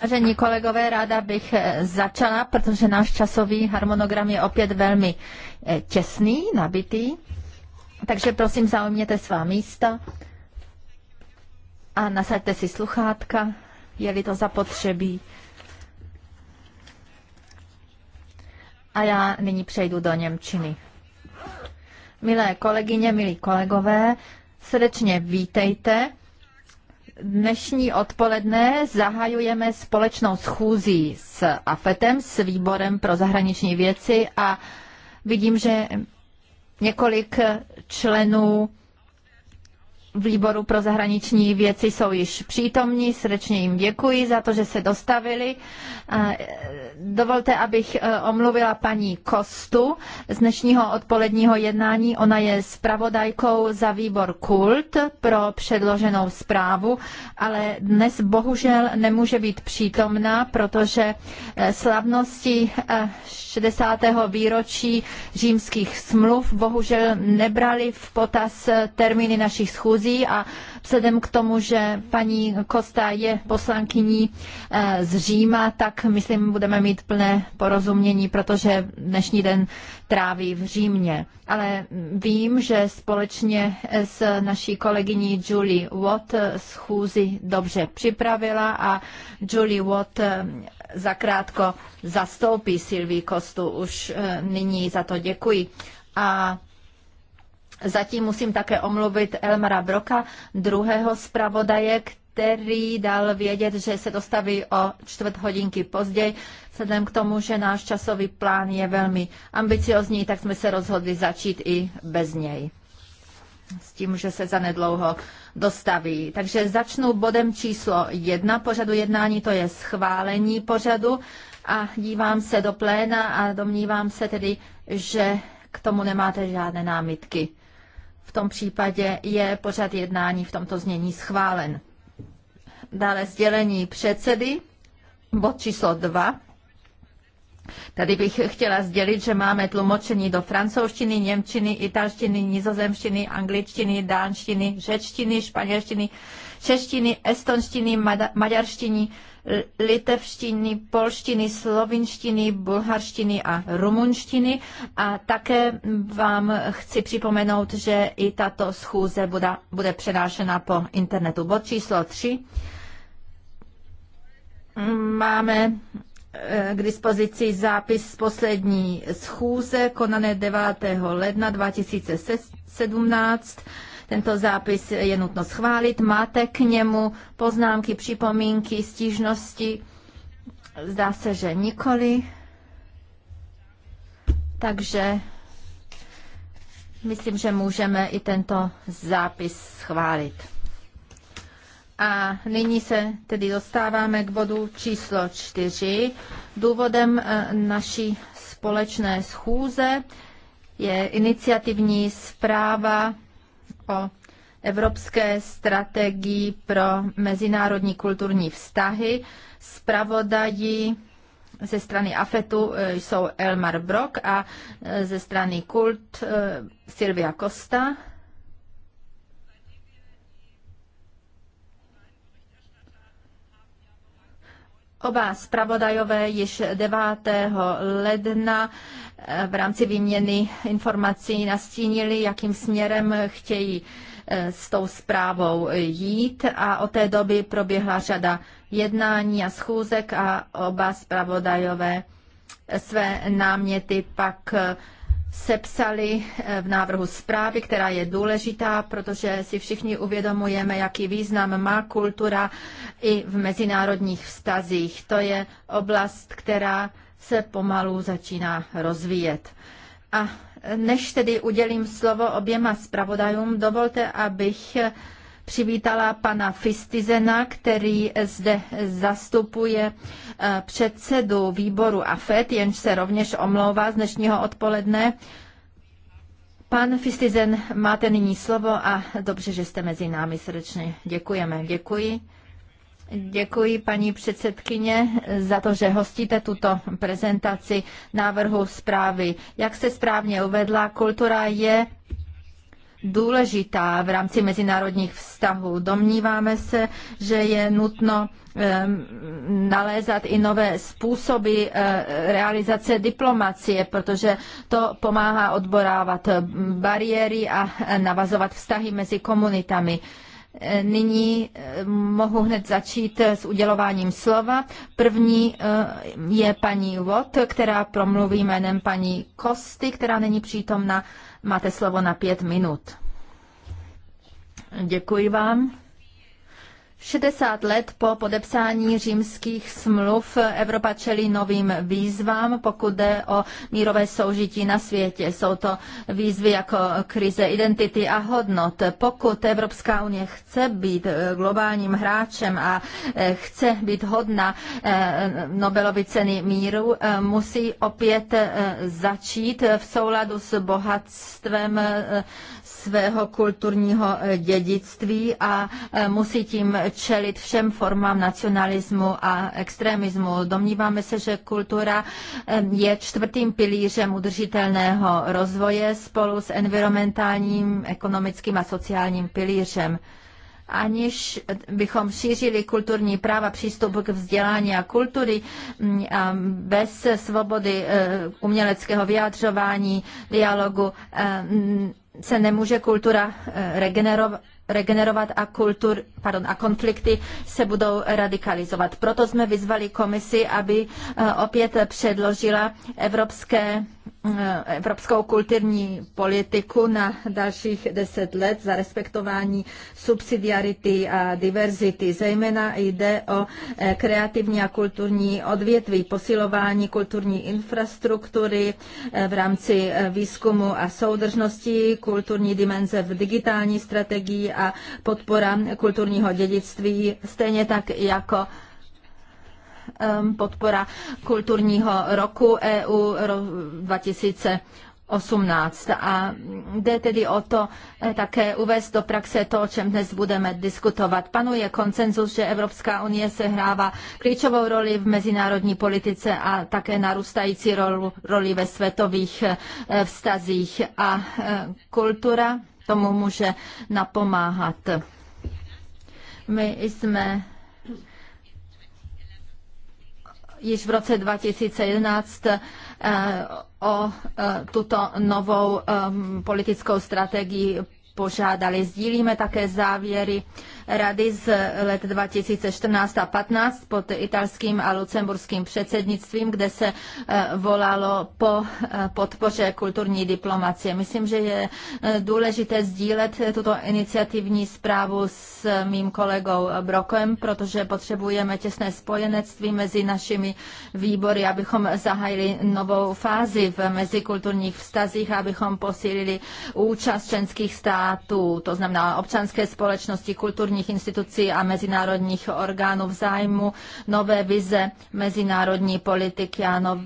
Vážení kolegové, ráda bych eh, začala, protože náš časový harmonogram je opět velmi eh, těsný, nabitý. Takže prosím, zaujměte svá místa a nasaďte si sluchátka, je-li to zapotřebí. A já nyní přejdu do Němčiny. Milé kolegyně, milí kolegové, srdečně vítejte Dnešní odpoledne zahajujeme společnou schůzí s AFETem, s výborem pro zahraniční věci a vidím, že několik členů výboru pro zahraniční věci jsou již přítomní. Srdečně jim děkuji za to, že se dostavili. E, dovolte, abych e, omluvila paní Kostu z dnešního odpoledního jednání. Ona je zpravodajkou za výbor Kult pro předloženou zprávu, ale dnes bohužel nemůže být přítomná, protože e, slavnosti 60. výročí římských smluv bohužel nebrali v potaz termíny našich schůzí diskuzí a vzhledem k tomu, že paní Kosta je poslankyní eh, z Říma, tak myslím, budeme mít plné porozumění, protože dnešní den tráví v Římě. Ale vím, že společně s naší kolegyní Julie Watt schůzi dobře připravila a Julie Watt eh, zakrátko zastoupí Silví Kostu. Už eh, nyní za to děkuji. A Zatím musím také omluvit Elmara Broka, druhého zpravodaje, který dal vědět, že se dostaví o čtvrt hodinky později. Vzhledem k tomu, že náš časový plán je velmi ambiciozní, tak jsme se rozhodli začít i bez něj. S tím, že se zanedlouho dostaví. Takže začnu bodem číslo jedna pořadu jednání, to je schválení pořadu a dívám se do pléna a domnívám se tedy, že k tomu nemáte žádné námitky. V tom případě je pořad jednání v tomto znění schválen. Dále sdělení předsedy, bod číslo 2. Tady bych chtěla sdělit, že máme tlumočení do francouzštiny, němčiny, italštiny, nizozemštiny, angličtiny, dánštiny, řečtiny, španělštiny, češtiny, estonštiny, maďarštiny, Eh, litevštiny, polštiny, slovinštiny, bulharštiny a rumunštiny. A také vám chci připomenout, že i tato schůze bude, bude přenášena po internetu. Bod číslo 3. Máme eh, k dispozici zápis z poslední schůze konané 9. ledna 2017. Tento zápis je nutno schválit. Máte k němu poznámky, připomínky, stížnosti? Zdá se, že nikoli. Takže myslím, že můžeme i tento zápis schválit. A nyní se tedy dostáváme k bodu číslo čtyři. Důvodem eh, naší společné schůze je iniciativní zpráva o jako Evropské strategii pro mezinárodní kulturní vztahy. Spravodají ze strany AFETu e, jsou Elmar Brok a e, ze strany Kult e, Silvia Costa. Oba zpravodajové již 9. ledna eh, v rámci výměny informací nastínili, jakým směrem chtějí eh, s tou zprávou jít a od té doby proběhla řada jednání a schůzek a oba zpravodajové eh, své náměty pak sepsali eh, v návrhu zprávy, která je důležitá, protože si všichni uvědomujeme, jaký význam má kultura i v mezinárodních vztazích. To je oblast, která se pomalu začíná rozvíjet. A než tedy udělím slovo oběma zpravodajům, dovolte, abych eh, přivítala pana Fistizena, který zde zastupuje eh, předsedu výboru AFET, jenž se rovněž omlouvá z dnešního odpoledne. Pan Fistizen, máte nyní slovo a dobře, že jste mezi námi srdečně. Děkujeme, děkuji. Děkuji paní předsedkyně za to, že hostíte tuto prezentaci návrhu zprávy. Jak se správně uvedla, kultura je důležitá v rámci mezinárodních vztahů. Domníváme se, že je nutno nalézat i nové způsoby eh, realizace diplomacie, protože to pomáhá odborávat bariéry a navazovat vztahy mezi komunitami. Eh, nyní eh, mohu hned začít s udělováním slova. První je paní Watt, která promluví jménem paní Kosty, která není přítomna Máte slovo na pět minut. Děkuji vám. 60 let po podepsání římských smluv Evropa čelí novým výzvám, pokud jde o mírové soužití na světě. Jsou to výzvy jako krize identity a hodnot. Pokud Evropská unie chce být eh, globálním hráčem a eh, chce být hodna eh, Nobelovy ceny míru, musí opět začít v souladu s bohatstvím svého kulturního e, dědictví a e, musí tím čelit všem formám nacionalismu a extremismu. Domníváme se, že kultura e, je čtvrtým pilířem udržitelného rozvoje spolu s environmentálním, ekonomickým a sociálním pilířem aniž bychom šířili kulturní práva, přístup k vzdělání a kultury, mm, bez svobody uměleckého vyjadřování, dialogu, se nemůže kultura eh, regenerovat, regenerovat a, kultur, pardon, a konflikty se budou radikalizovat. Proto jsme vyzvali komisi, aby eh, opět předložila evropské Eh, evropskou kulturní politiku na dalších deset let za respektování subsidiarity a diverzity. Zejména jde o eh, kreativní a kulturní odvětví, posilování kulturní infrastruktury eh, v rámci výzkumu a soudržnosti, kulturní dimenze v digitální strategii a podpora kulturního dědictví, stejně tak jako Um, podpora kulturního roku EU 2018. A jde tedy o to eh, také uvést do praxe to, o čem dnes budeme diskutovat. Panuje koncenzus, že Evropská unie hrává klíčovou roli v mezinárodní politice a také narůstající roli ve světových eh, vztazích. A eh, kultura tomu může napomáhat. My jsme již v roce 2011 eh, o eh, tuto novou eh, politickou strategii požádali. Sdílíme také závěry rady z let 2014 a 15 pod italským a lucemburským předsednictvím, kde se eh, volalo po eh, podpoře kulturní diplomacie. Myslím, že je eh, důležité sdílet tuto iniciativní zprávu s mým kolegou Brokem, protože potřebujeme těsné spojenectví mezi našimi výbory, abychom zahájili novou fázi v mezikulturních vztazích, abychom posílili účast členských států, to znamená občanské společnosti, kulturní mezinárodních institucí a mezinárodních orgánů v zájmu nové vize mezinárodní politiky a nov,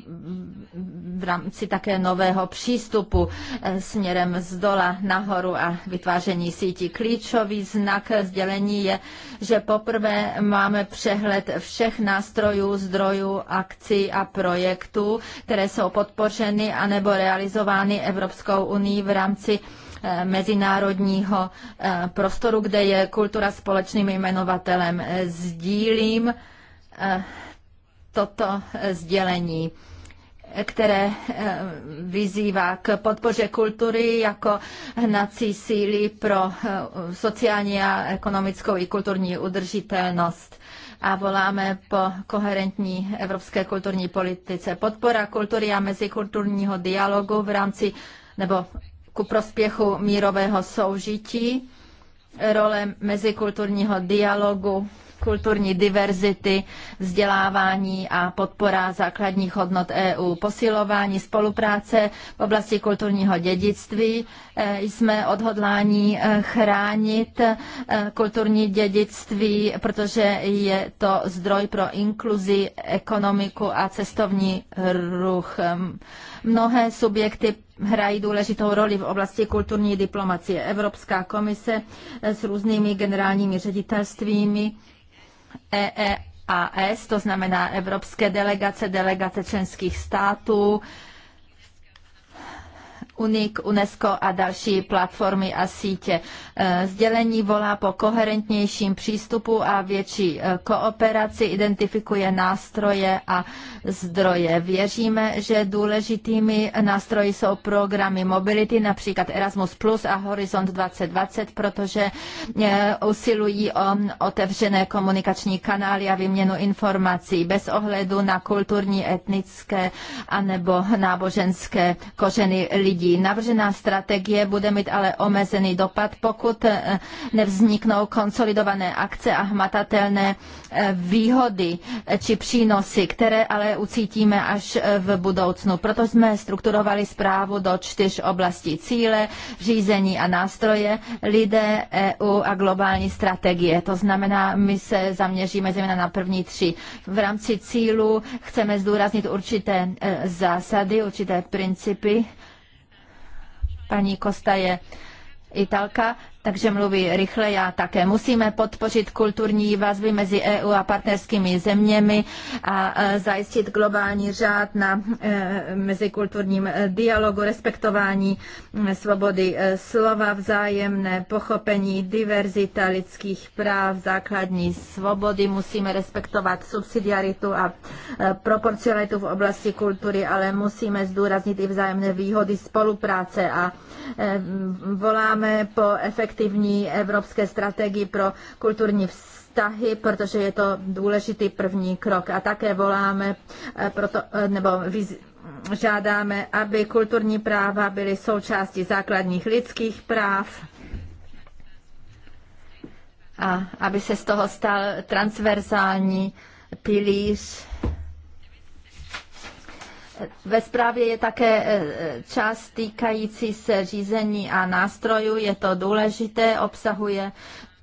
v rámci také nového přístupu eh, směrem z dola nahoru a vytváření sítí. Klíčový znak sdělení je, že poprvé máme přehled všech nástrojů, zdrojů, akcí a projektů, které jsou podpořeny anebo realizovány Evropskou unii v rámci Eh, mezinárodního eh, prostoru, kde je kultura společným jmenovatelem. Eh, sdílím toto sdělení které vyzývá k podpoře kultury jako hnací síly pro sociální a ekonomickou i kulturní udržitelnost a voláme po koherentní evropské kulturní politice. Podpora kultury a mezikulturního dialogu v rámci nebo ku prospěchu mírového soužití, role mezikulturního dialogu kulturní diverzity, vzdělávání a podpora základních hodnot EU, posilování spolupráce v oblasti kulturního dědictví. E, jsme odhodláni e, chránit e, kulturní dědictví, protože je to zdroj pro inkluzi, ekonomiku a cestovní ruch. Mnohé subjekty hrají důležitou roli v oblasti kulturní diplomacie. Evropská komise s různými generálními ředitelstvími EEAS, to znamená Evropské delegace, delegace členských států, UNIK, UNESCO a další platformy a sítě. E, sdělení volá po koherentnějším přístupu a větší e, kooperaci, identifikuje nástroje a zdroje. Věříme, že důležitými nástroji jsou programy mobility, například Erasmus Plus a Horizont 2020, protože e, usilují o otevřené komunikační kanály a výměnu informací bez ohledu na kulturní, etnické anebo náboženské kořeny lidí lidí. Navržená strategie bude mít ale omezený dopad, pokud eh, nevzniknou konsolidované akce a hmatatelné eh, výhody eh, či přínosy, které ale ucítíme až v budoucnu. Proto jsme strukturovali zprávu do čtyř oblastí cíle, řízení a nástroje, lidé, EU a globální strategie. To znamená, my se zaměříme zejména na první tři. V rámci cílu chceme zdůraznit určité zásady, určité principy, Paní Kosta je Italka takže mluví rychle, já také. Musíme podpořit kulturní vazby mezi EU a partnerskými zeměmi a e, zajistit globální řád na e, mezikulturním e, dialogu, respektování svobody slova, vzájemné pochopení, diverzita lidských práv, základní svobody. Musíme respektovat subsidiaritu a proporcionalitu v oblasti kultury, ale musíme zdůraznit i vzájemné výhody spolupráce a voláme po efektivní efektivní evropské strategii pro kulturní vztahy, protože je to důležitý první krok. A také voláme, eh, proto, eh, nebo viz, žádáme, aby kulturní práva byly součástí základních lidských práv a aby se z toho stal transverzální pilíř ve zprávě je také e, čas týkající se řízení a nástrojů, je to důležité, obsahuje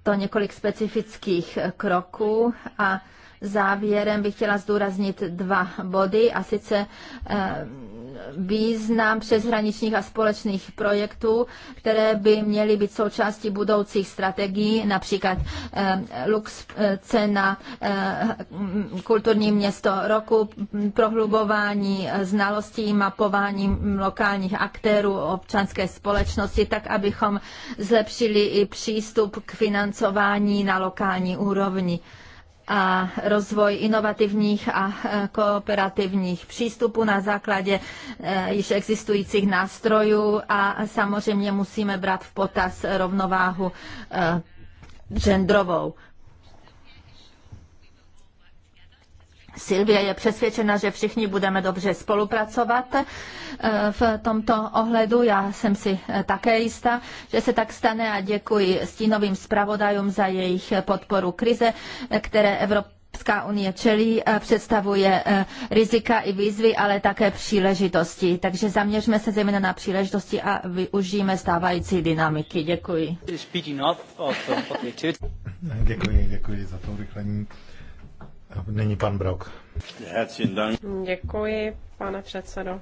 to několik specifických kroků a závěrem bych chtěla zdůraznit dva body a sice e, význam přeshraničních a společných projektů, které by měly být součástí budoucích strategií, například eh, Lux eh, cena, eh, kulturní město roku, prohlubování znalostí, mapování lokálních aktérů občanské společnosti, tak abychom zlepšili i přístup k financování na lokální úrovni a rozvoj inovativních a e, kooperativních přístupů na základě e, již existujících nástrojů a samozřejmě musíme brát v potaz rovnováhu e, genderovou. Silvia je přesvědčena, že všichni budeme dobře spolupracovat eh, v tomto ohledu. Já jsem si eh, také jistá, že se tak stane a děkuji stínovým zpravodajům za jejich eh, podporu krize, které Evropa Evropská unie čelí, představuje rizika i výzvy, ale také příležitosti. Takže zaměřme se zejména na příležitosti a využijeme stávající dynamiky. Děkuji. Děkuji, děkuji za to urychlení. Není pan Brok. Děkuji, pane předsedo,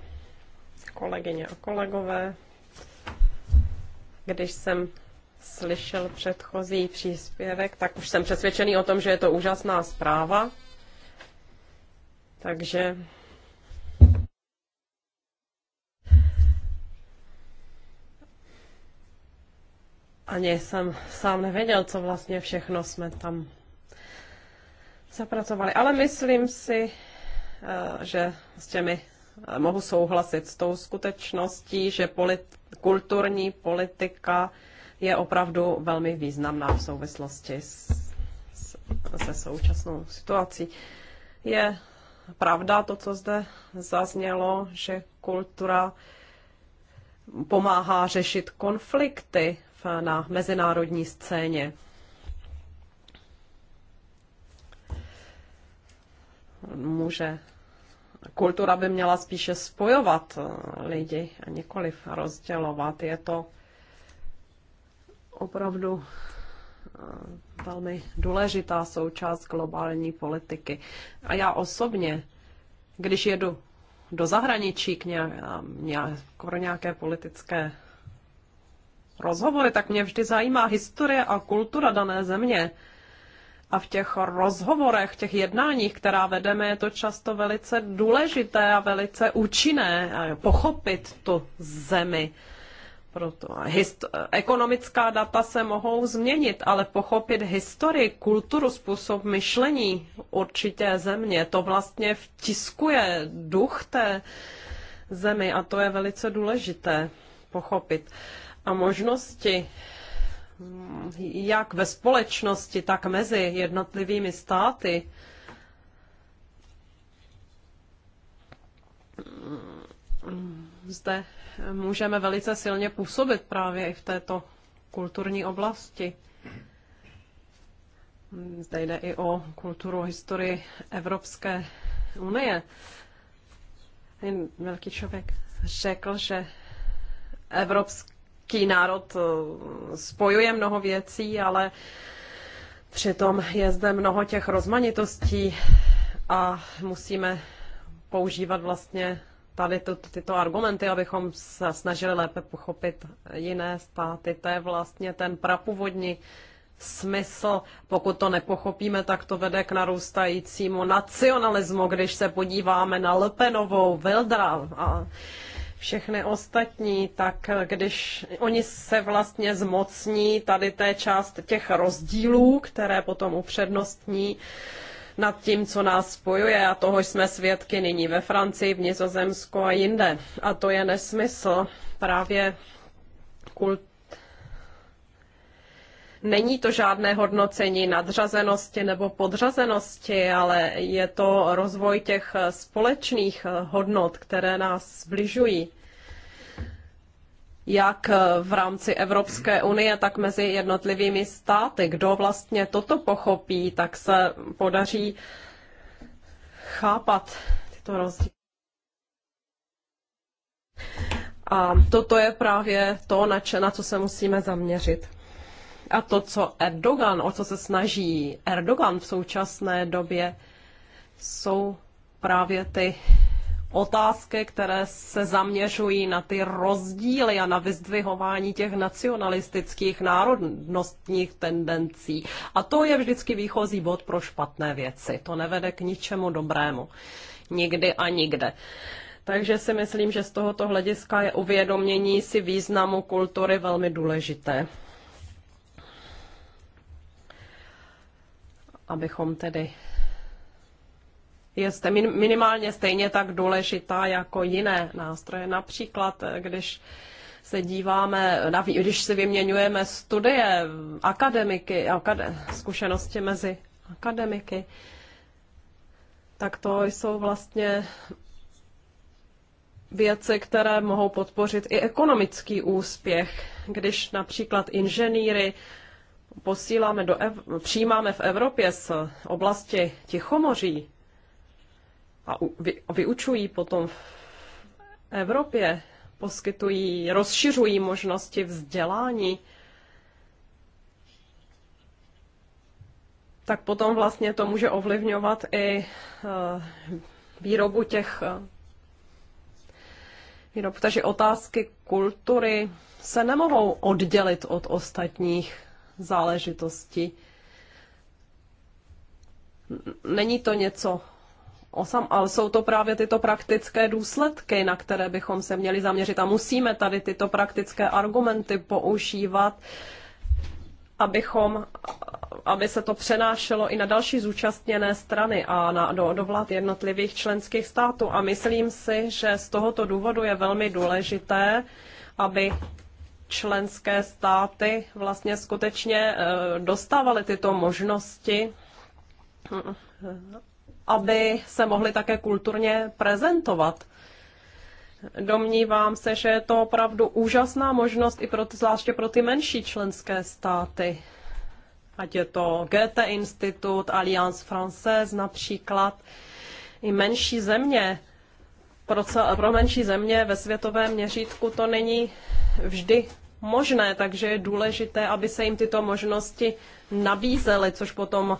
kolegyně a kolegové. Když jsem slyšel předchozí příspěvek, tak už jsem přesvědčený o tom, že je to úžasná zpráva. Takže ani jsem sám nevěděl, co vlastně všechno jsme tam zapracovali. Ale myslím si, eh, že s těmi eh, mohu souhlasit s tou skutečností, že polit, kulturní politika je opravdu velmi významná v souvislosti s, s, se současnou situací. Je pravda to, co zde zaznělo, že kultura pomáhá řešit konflikty v, na mezinárodní scéně. může. Kultura by měla spíše spojovat eh, lidi a nikoliv rozdělovat. Je to opravdu eh, velmi důležitá součást globální politiky. A já osobně, když jedu do zahraničí k nějak, pro nějaké politické rozhovory, tak mě vždy zajímá historie a kultura dané země. A v těch rozhovorech, těch jednáních, která vedeme, je to často velice důležité a velice účinné pochopit tu zemi. Proto hist- ekonomická data se mohou změnit, ale pochopit historii, kulturu, způsob myšlení určitě země, to vlastně vtiskuje duch té zemi a to je velice důležité pochopit. A možnosti jak ve společnosti, tak mezi jednotlivými státy. Zde můžeme velice silně působit právě i v této kulturní oblasti. Zde jde i o kulturu, historii Evropské unie. Velký člověk řekl, že Evropská irský národ eh, spojuje mnoho věcí, ale přitom je zde mnoho těch rozmanitostí a musíme používat vlastně tady to, tyto argumenty, abychom se snažili lépe pochopit jiné státy. To je vlastně ten prapůvodní smysl. Pokud to nepochopíme, tak to vede k narůstajícímu nacionalismu, když se podíváme na Lpenovou, Veldra a všechny ostatní, tak když oni se vlastně zmocní tady té část těch rozdílů, které potom upřednostní nad tím, co nás spojuje a toho jsme svědky nyní ve Francii, v Nizozemsku a jinde. A to je nesmysl právě kult Není to žádné hodnocení nadřazenosti nebo podřazenosti, ale je to rozvoj těch společných hodnot, které nás zbližují jak v rámci Evropské unie, tak mezi jednotlivými státy. Kdo vlastně toto pochopí, tak se podaří chápat tyto rozdíly. A toto je právě to, na, če, na co se musíme zaměřit. A to, co Erdogan, o co se snaží Erdogan v současné době, jsou právě ty otázky, které se zaměřují na ty rozdíly a na vyzdvihování těch nacionalistických národnostních tendencí. A to je vždycky výchozí bod pro špatné věci. To nevede k ničemu dobrému. Nikdy a nikde. Takže si myslím, že z tohoto hlediska je uvědomění si významu kultury velmi důležité. abychom tedy je minimálně stejně tak důležitá jako jiné nástroje. Například, eh, když se díváme, na, když si vyměňujeme studie, akademiky, akade, zkušenosti mezi akademiky, tak to jsou vlastně věci, které mohou podpořit i ekonomický úspěch. Když například inženýry posíláme do Ev- přijímáme v Evropě z oblasti Tichomoří a u- vy- vyučují potom v Evropě, poskytují, rozšiřují možnosti vzdělání, tak potom vlastně to může ovlivňovat i eh, výrobu těch eh, výrobů, Takže otázky kultury se nemohou oddělit od ostatních záležitosti. Není to něco osam, ale jsou to právě tyto praktické důsledky, na které bychom se měli zaměřit a musíme tady tyto praktické argumenty používat, abychom, aby se to přenášelo i na další zúčastněné strany a na, do, do vlád jednotlivých členských států. A myslím si, že z tohoto důvodu je velmi důležité, aby členské státy vlastně skutečně eh, dostávaly tyto možnosti, aby se mohly také kulturně prezentovat. Domnívám se, že je to opravdu úžasná možnost i pro, zvláště pro ty menší členské státy. Ať je to GT Institut, Alliance Française například, i menší země. Pro, pro menší země ve světovém měřítku to není vždy možné, takže je důležité, aby se jim tyto možnosti nabízely, což potom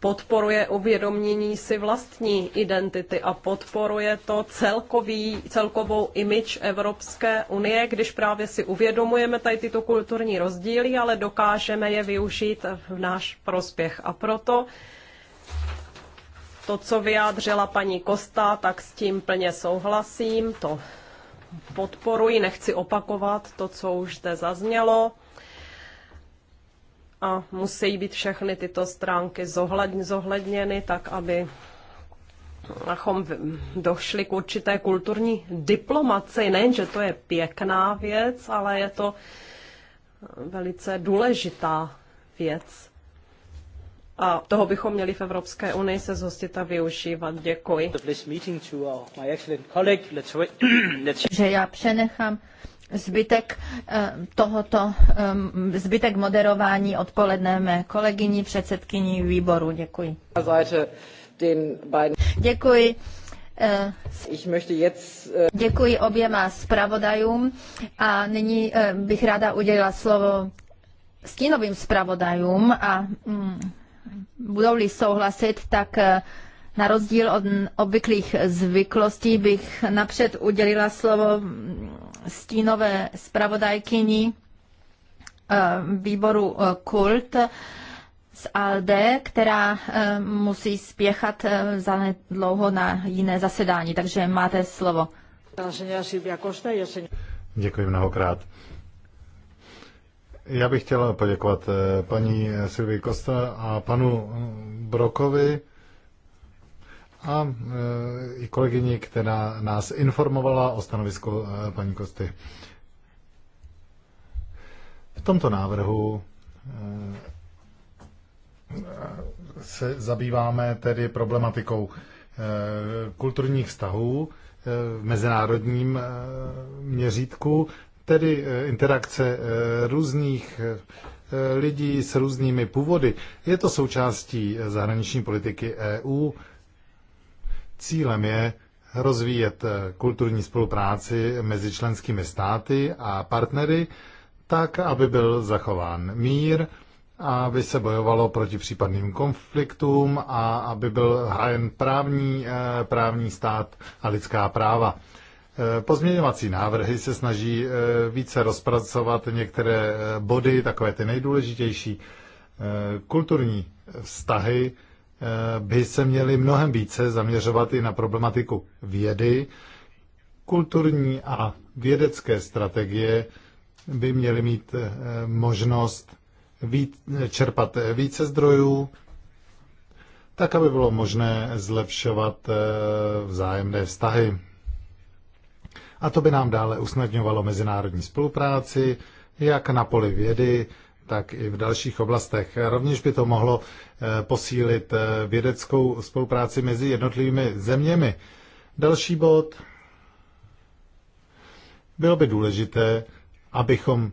podporuje uvědomění si vlastní identity a podporuje to celkový, celkovou imič Evropské unie, když právě si uvědomujeme tady tyto kulturní rozdíly, ale dokážeme je využít v náš prospěch. A proto to, co vyjádřila paní Kosta, tak s tím plně souhlasím. To podporuji, nechci opakovat to, co už zde zaznělo. A musí být všechny tyto stránky zohledněny tak, aby abychom došli k určité kulturní diplomaci. Nejenže to je pěkná věc, ale je to velice důležitá věc a toho bychom měli v Evropské unii se zhostit a využívat. Děkuji. Uh, Že já přenechám zbytek eh, tohoto, zbytek moderování odpoledne mé kolegyni, předsedkyni výboru. Děkuji. Děkuji. Eh, eh, děkuji oběma zpravodajům a nyní bych ráda udělila slovo stínovým zpravodajům a mm, budou-li souhlasit, tak eh, na rozdíl od obvyklých zvyklostí bych napřed udělila slovo mm, stínové zpravodajkyni eh, výboru eh, Kult z ALDE, která musí spěchat dlouho na jiné zasedání. Takže máte slovo. Děkuji mnohokrát. Já bych chtěl poděkovat eh, paní eh, Silvii Kosta a panu mm, Brokovi a eh, i kolegyni, která nás informovala o stanovisku paní Kosty. V tomto návrhu se zabýváme tedy problematikou kulturních vztahů v mezinárodním měřítku tedy eh, interakce eh, různých eh, lidí s různými původy. Je to součástí zahraniční politiky EU. Cílem je rozvíjet kulturní spolupráci mezi členskými státy a partnery tak, aby byl zachován mír, aby se bojovalo proti případným konfliktům a aby byl hájen právní, právní stát a lidská práva. Pozměňovací návrhy se snaží eh, více rozpracovat některé eh, body, takové ty nejdůležitější. Eh, kulturní vztahy by se měly mnohem více zaměřovat i na problematiku vědy. Kulturní a vědecké strategie by měly mít možnost čerpat více zdrojů, tak aby bylo možné zlepšovat vzájemné vztahy a to by nám dále usnadňovalo mezinárodní spolupráci, jak na poli vědy, tak i v dalších oblastech. Rovněž by to mohlo eh, posílit eh, vědeckou spolupráci mezi jednotlivými zeměmi. Další bod. Bylo by důležité, abychom eh,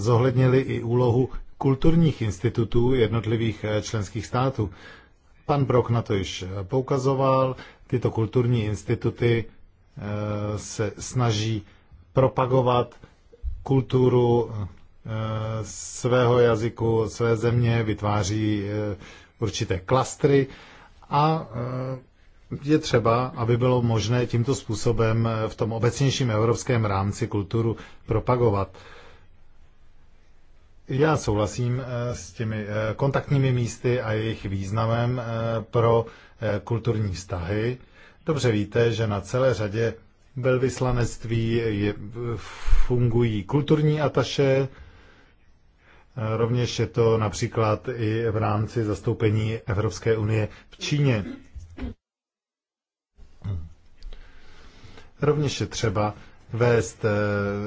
zohlednili i úlohu kulturních institutů jednotlivých členských států. Pan Brok na to již poukazoval. Tyto kulturní instituty Eh, se snaží propagovat kulturu eh, svého jazyku, své země, vytváří eh, určité klastry a je třeba, aby bylo možné tímto způsobem v tom obecnějším evropském rámci kulturu propagovat. Já souhlasím s těmi kontaktními místy a jejich významem pro kulturní vztahy. Dobře víte, že na celé řadě velvyslanectví je, fungují kulturní ataše, rovněž je to například i v rámci zastoupení Evropské unie v Číně. Rovněž je třeba vést eh,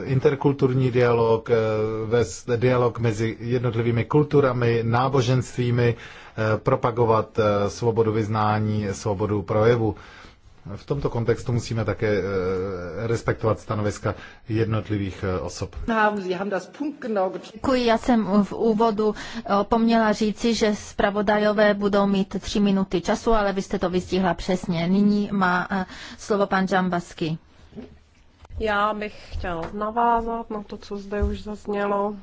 interkulturní dialog, eh, vést dialog mezi jednotlivými kulturami, náboženstvími, eh, propagovat svobodu vyznání, svobodu projevu. V tomto kontextu musíme také eh, respektovat stanoviska jednotlivých eh, osob. Děkuji, já jsem v úvodu eh, poměla říci, že zpravodajové budou mít tři minuty času, ale vy jste to vystihla přesně. Nyní má slovo pan Džambasky. Já bych chtěl navázat na to, co zde už zaznělo.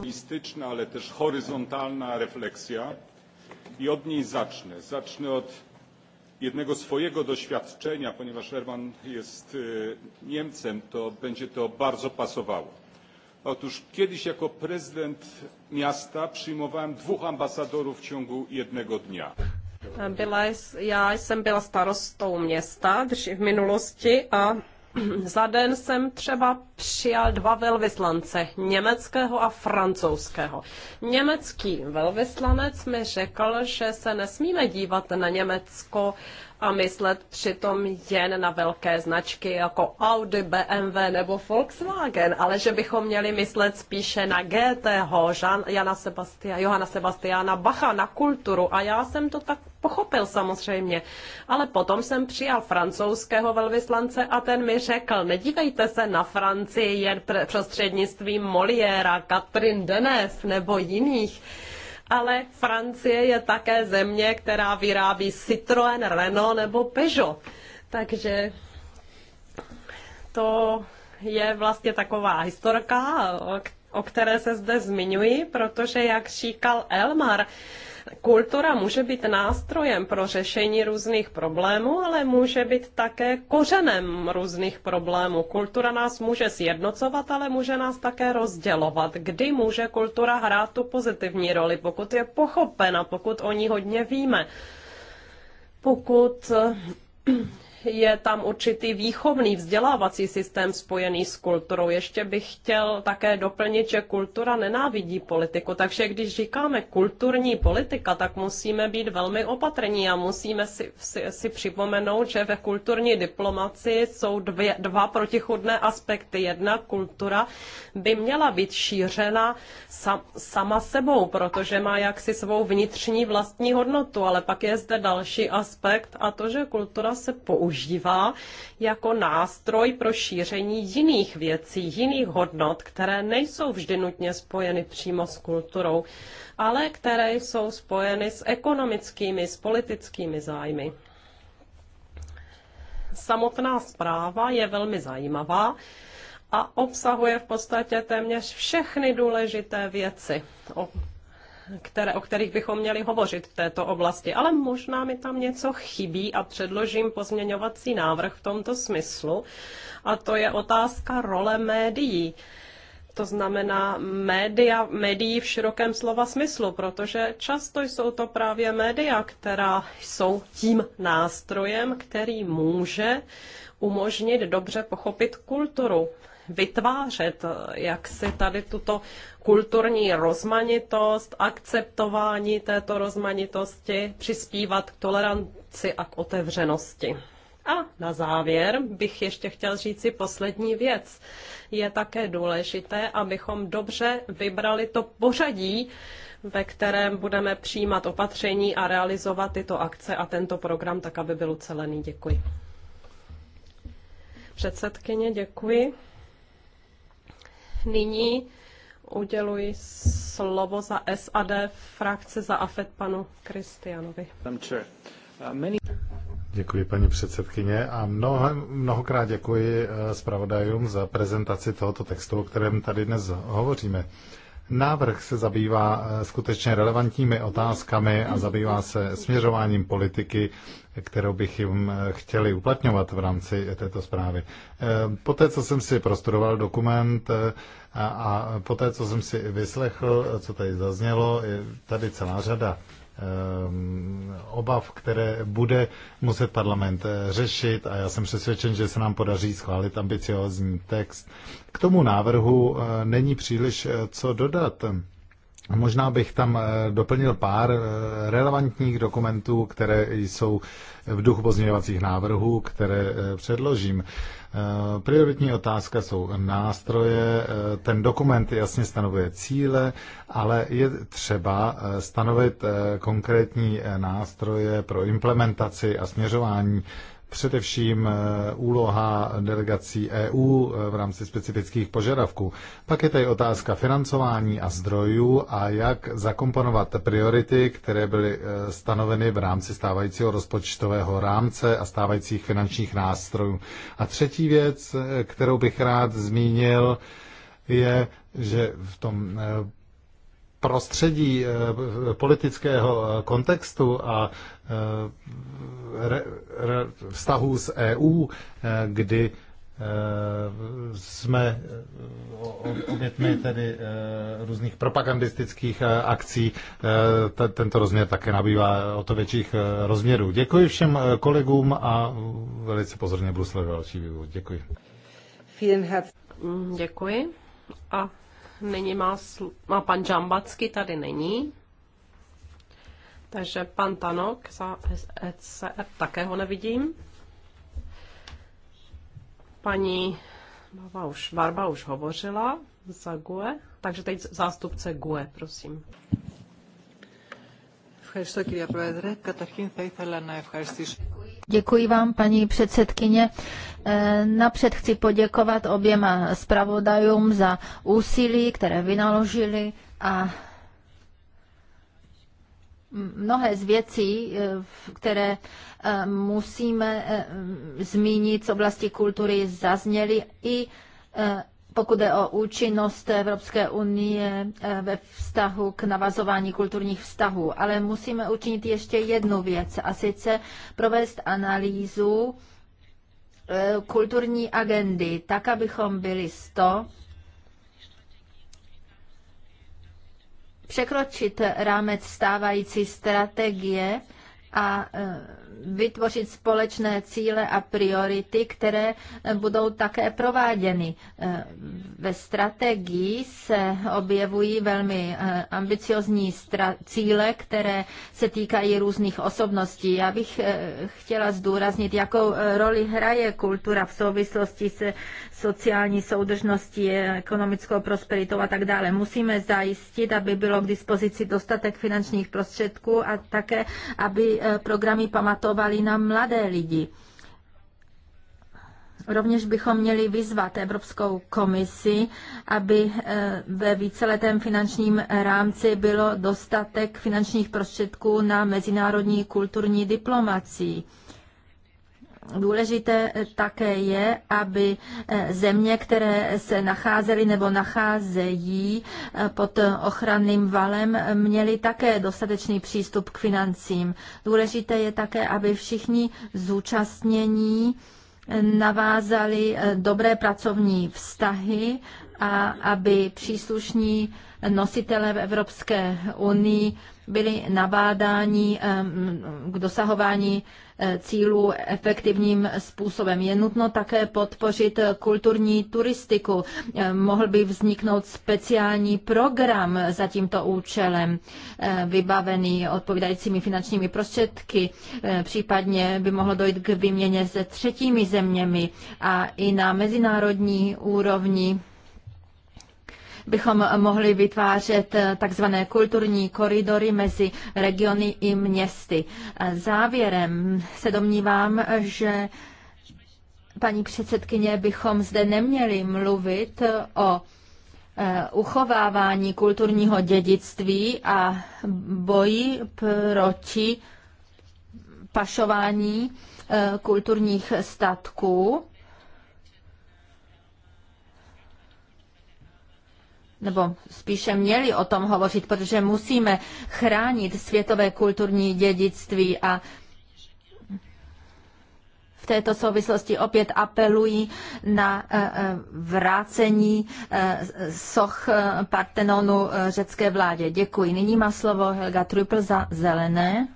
Mistyczna, ale też horyzontalna refleksja i od niej zacznę. Zacznę od jednego swojego doświadczenia, ponieważ Herman jest Niemcem, to będzie to bardzo pasowało. Otóż kiedyś jako prezydent miasta przyjmowałem dwóch ambasadorów w ciągu jednego dnia. Byla, ja jsem byla starostou města v minulosti a Za den jsem třeba přijal dva velvyslance, německého a francouzského. Německý velvyslanec mi řekl, že se nesmíme dívat na Německo a myslet přitom jen na velké značky jako Audi, BMW nebo Volkswagen, ale že bychom měli myslet spíše na GTH, Jana Sebastiana, Johana Sebastiana Bacha, na kulturu. A já jsem to tak pochopil samozřejmě. Ale potom jsem přijal francouzského velvyslance a ten mi řekl, nedívejte se na Francii jen prostřednictvím Moliéra, Catherine Deneuve nebo jiných ale Francie je také země, která vyrábí Citroën, Renault nebo Peugeot. Takže to je vlastně taková historka, o které se zde zmiňuji, protože, jak říkal Elmar, Kultura může být nástrojem pro řešení různých problémů, ale může být také kořenem různých problémů. Kultura nás může sjednocovat, ale může nás také rozdělovat. Kdy může kultura hrát tu pozitivní roli, pokud je pochopena, pokud o ní hodně víme? Pokud je tam určitý výchovný vzdělávací systém spojený s kulturou. Ještě bych chtěl také doplnit, že kultura nenávidí politiku, takže když říkáme kulturní politika, tak musíme být velmi opatrní a musíme si, si, si připomenout, že ve kulturní diplomaci jsou dvě, dva protichodné aspekty. Jedna kultura by měla být šířena sam, sama sebou, protože má jaksi svou vnitřní vlastní hodnotu, ale pak je zde další aspekt a to, že kultura se používá používá jako nástroj pro šíření jiných věcí, jiných hodnot, které nejsou vždy nutně spojeny přímo s kulturou, ale které jsou spojeny s ekonomickými, s politickými zájmy. Samotná zpráva je velmi zajímavá a obsahuje v podstatě téměř všechny důležité věci které, o kterých bychom měli hovořit v této oblasti, ale možná mi tam něco chybí a předložím pozměňovací návrh v tomto smyslu. A to je otázka role médií. To znamená média, médií v širokém slova smyslu, protože často jsou to právě média, která jsou tím nástrojem, který může umožnit dobře pochopit kulturu vytvářet, eh, jak si tady tuto kulturní rozmanitost, akceptování této rozmanitosti, přispívat k toleranci a k otevřenosti. A na závěr bych ještě chtěl říci poslední věc. Je také důležité, abychom dobře vybrali to pořadí, ve kterém budeme přijímat opatření a realizovat tyto akce a tento program tak, aby byl ucelený. Děkuji. Předsedkyně, děkuji. Nyní uděluji slovo za SAD frakce za AFED panu Kristianovi. Uh, děkuji, paní předsedkyně, a mnoho, mnohokrát děkuji eh, zpravodajům za prezentaci tohoto textu, o kterém tady dnes hovoříme. Návrh se zabývá eh, skutečně relevantními otázkami a zabývá se směřováním politiky, kterou bych jim eh, chtěli uplatňovat v rámci této zprávy. Eh, poté, co jsem si prostudoval dokument a, po poté, co jsem si vyslechl, co tady zaznělo, je tady celá řada Ehm, obav, které bude muset parlament eh, řešit a já jsem přesvědčen, že se nám podaří schválit ambiciozní text. K tomu návrhu eh, není příliš eh, co dodat. Možná bych tam eh, doplnil pár eh, relevantních dokumentů, které jsou v duchu pozměňovacích návrhů, které eh, předložím. Prioritní otázka jsou nástroje. Ten dokument jasně stanovuje cíle, ale je třeba stanovit konkrétní nástroje pro implementaci a směřování především eh, úloha delegací EU eh, v rámci specifických požadavků. Pak je tady otázka financování a zdrojů a jak zakomponovat priority, které byly eh, stanoveny v rámci stávajícího rozpočtového rámce a stávajících finančních nástrojů. A třetí věc, kterou bych rád zmínil, je, že v tom prostředí eh, politického eh, kontextu a eh, vztahů s EU, kdy jsme obětmi tedy různých propagandistických akcí. Tento rozměr také nabývá o to větších rozměrů. Děkuji všem kolegům a velice pozorně budu sledovat další vývoj. Děkuji. Mm, děkuji. A Nyní má, má pan Džambacky, tady není. Takže pan Tanok za SECR, také ho nevidím. Paní Baba už, Barba už hovořila za GUE, takže teď zástupce GUE, prosím. Děkuji, Děkuji vám, paní předsedkyně. Eh, napřed chci poděkovat oběma zpravodajům za úsilí, které vynaložili a mnohé z věcí, eh, které eh, musíme zmínit z oblasti kultury, zazněly i pokud jde o účinnost Evropské unie eh, ve vztahu k navazování kulturních vztahů, ale musíme učinit ještě jednu věc, a sice provést analýzu eh, kulturní agendy, tak, abychom byli 100 překročit rámec stávající strategie a eh, vytvořit společné cíle a priority, které budou také prováděny. Eh, ve strategii se objevují velmi eh, ambiciozní cíle, které se týkají různých osobností. Já bych eh, chtěla zdůraznit, jakou roli hraje kultura v souvislosti se sociální soudržností, ekonomickou prosperitou a tak dále. Musíme zajistit, aby bylo k dispozici dostatek finančních prostředků a také, aby programy pamatovaly dopadovali na mladé lidi. Rovněž bychom měli vyzvat Evropskou komisi, aby eh, ve víceletém finančním rámci bylo dostatek finančních prostředků na mezinárodní kulturní diplomacii. Důležité eh, také je, aby eh, země, které se nacházely nebo nacházejí eh, pod ochranným valem, měly také dostatečný přístup k financím. Důležité je také, aby všichni zúčastnění navázali dobré pracovní vztahy a aby příslušní nositelé v Evropské unii byli nabádáni k dosahování cílů efektivním způsobem. Je nutno také podpořit kulturní turistiku. Mohl by vzniknout speciální program za tímto účelem, eh, vybavený odpovídajícími finančními prostředky. Eh, případně by mohlo dojít k výměně se třetími zeměmi a i na mezinárodní úrovni bychom mohli vytvářet eh, takzvané kulturní koridory mezi regiony i městy. Závěrem se domnívám, že paní předsedkyně, bychom zde neměli mluvit o eh, uchovávání kulturního dědictví a boji proti pašování eh, kulturních statků nebo spíše měli o tom hovořit, protože musíme chránit světové kulturní dědictví a v této souvislosti opět apelují na eh, eh, vrácení eh, soch Partenonu řecké vládě. Děkuji. Nyní má slovo Helga Trupl za zelené.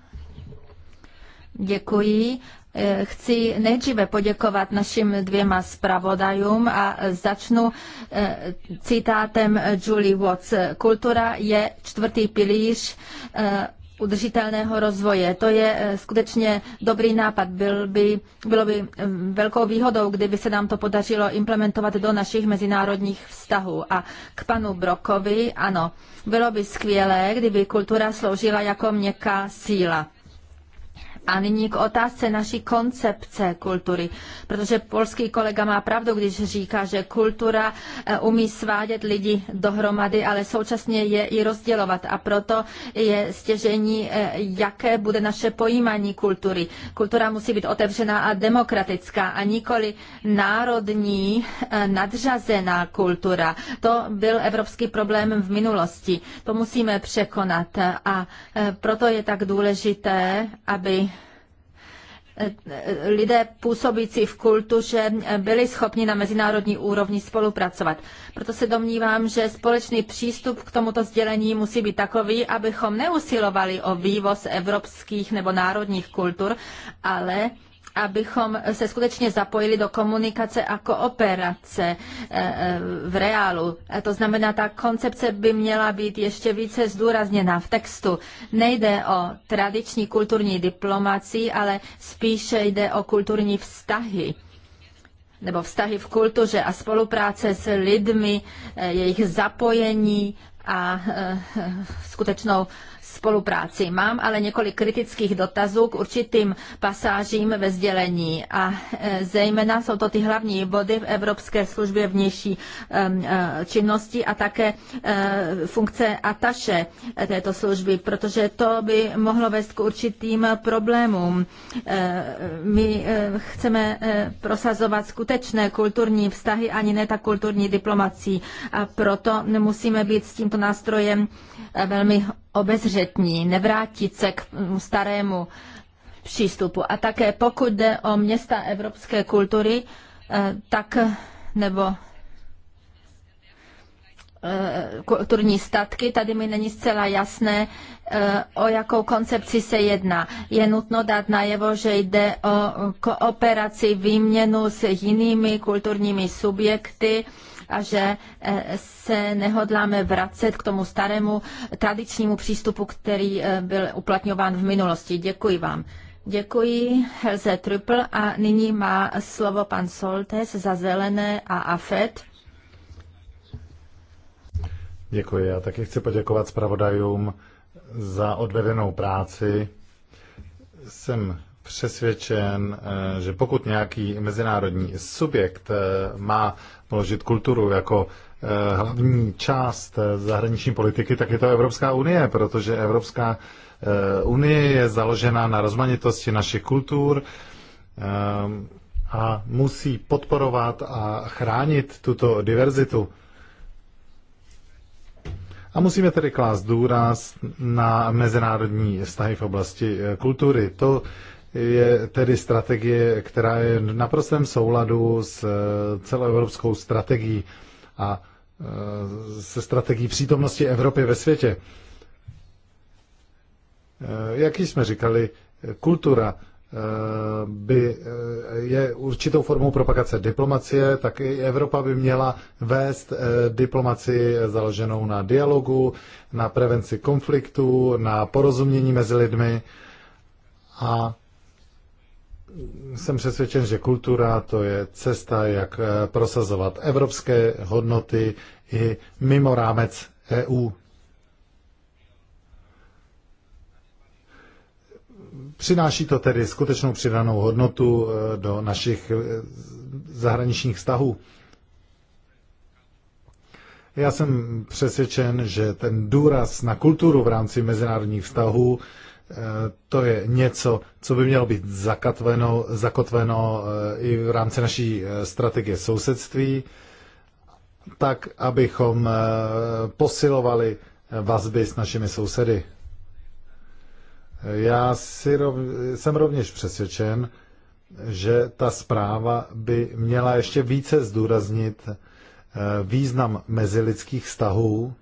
Děkuji. Eh, chci nejdříve poděkovat našim dvěma zpravodajům a začnu eh, citátem Julie Watts. Kultura je čtvrtý pilíř eh, udržitelného rozvoje. To je skutečně dobrý nápad. Byl by, bylo by mm, velkou výhodou, kdyby se nám to podařilo implementovat do našich mezinárodních vztahů. A k panu Brokovi, ano, bylo by skvělé, kdyby kultura sloužila jako měkká síla. A nyní k otázce naší koncepce kultury, protože polský kolega má pravdu, když říká, že kultura eh, umí svádět lidi dohromady, ale současně je i rozdělovat a proto je stěžení, eh, jaké bude naše pojímání kultury. Kultura musí být otevřená a demokratická a nikoli národní eh, nadřazená kultura. To byl evropský problém v minulosti. To musíme překonat a proto je tak důležité, aby lidé působící v kultuře byli schopni na mezinárodní úrovni spolupracovat. Proto se domnívám, že společný přístup k tomuto sdělení musí být takový, abychom neusilovali o vývoz evropských nebo národních kultur, ale abychom se skutečně zapojili do komunikace a kooperace eh, eh, v reálu. To znamená, ta koncepce by měla být ještě více zdůrazněna v textu. Nejde o tradiční kulturní diplomacii, ale spíše jde o kulturní vztahy nebo vztahy v kultuře a spolupráce s lidmi, eh, jejich zapojení a skutečnou spolupráci. Mám ale několik kritických dotazů k určitým pasážím ve sdělení a e, zejména jsou to ty hlavní body v Evropské službě vnější e, e, činnosti a také funkce ataše této služby, protože to by mohlo vést k určitým problémům. My chceme prosazovat skutečné kulturní vztahy, ani ne tak kulturní diplomací a proto musíme být s tímto nástrojem velmi obezřetní, nevrátit se k mm, starému přístupu. A také pokud jde o města evropské kultury, eh, tak eh, nebo eh, kulturní statky. Tady mi není zcela jasné, o jakou koncepci se jedná. Je nutno dát najevo, že jde o kooperaci, výměnu s jinými kulturními subjekty, a že eh, se nehodláme vracet k tomu starému tradičnímu přístupu, který eh, byl uplatňován v minulosti. Děkuji vám. Děkuji Helze Trüppel a nyní má slovo pan Soltes za Zelené a AFET. Děkuji. Já taky chci poděkovat zpravodajům za odvedenou práci. Jsem přesvědčen, eh, že pokud nějaký mezinárodní subjekt má položit kulturu jako eh, hlavní část eh, zahraniční politiky, tak je to Evropská unie, protože Evropská eh, unie je založena na rozmanitosti našich kultur a musí podporovat a chránit tuto diverzitu. A musíme tedy klást důraz na mezinárodní vztahy v oblasti kultury. To je tedy strategie, která je v naprostém souladu s eh, celoevropskou strategií a eh, se strategií přítomnosti Evropy ve světě. Eh, jak jsme říkali, kultura by je určitou formou propagace diplomacie, tak i Evropa by měla vést diplomaci založenou na dialogu, na prevenci konfliktu, na porozumění mezi lidmi a jsem přesvědčen, že kultura to je cesta, jak eh, prosazovat evropské hodnoty i mimo rámec EU. Přináší to tedy skutečnou přidanou hodnotu eh, do našich eh, zahraničních vztahů. Já jsem přesvědčen, že ten důraz na kulturu v rámci mezinárodních vztahů Eh, to je něco, co by mělo být zakotveno, zakotveno eh, i v rámci naší eh, strategie sousedství, tak abychom posilovali vazby s našimi sousedy. Já si rov, jsem rovněž přesvědčen, že ta zpráva by měla ještě více zdůraznit význam mezilidských vztahů.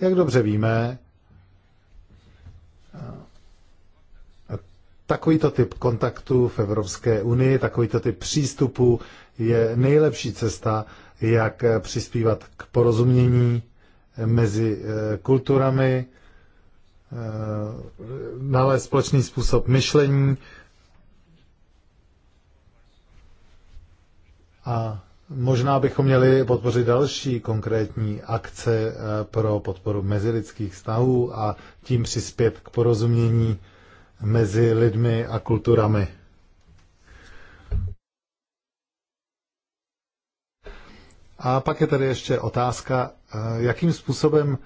Jak dobře víme, Takovýto typ kontaktů v Evropské unii, takovýto typ přístupu je nejlepší cesta, jak přispívat k porozumění mezi eh, kulturami, eh, nalézt společný způsob myšlení a Možná bychom měli podpořit další konkrétní akce eh, pro podporu mezilidských vztahů a tím přispět k porozumění mezi lidmi a kulturami. A pak je tady ještě otázka, eh, jakým způsobem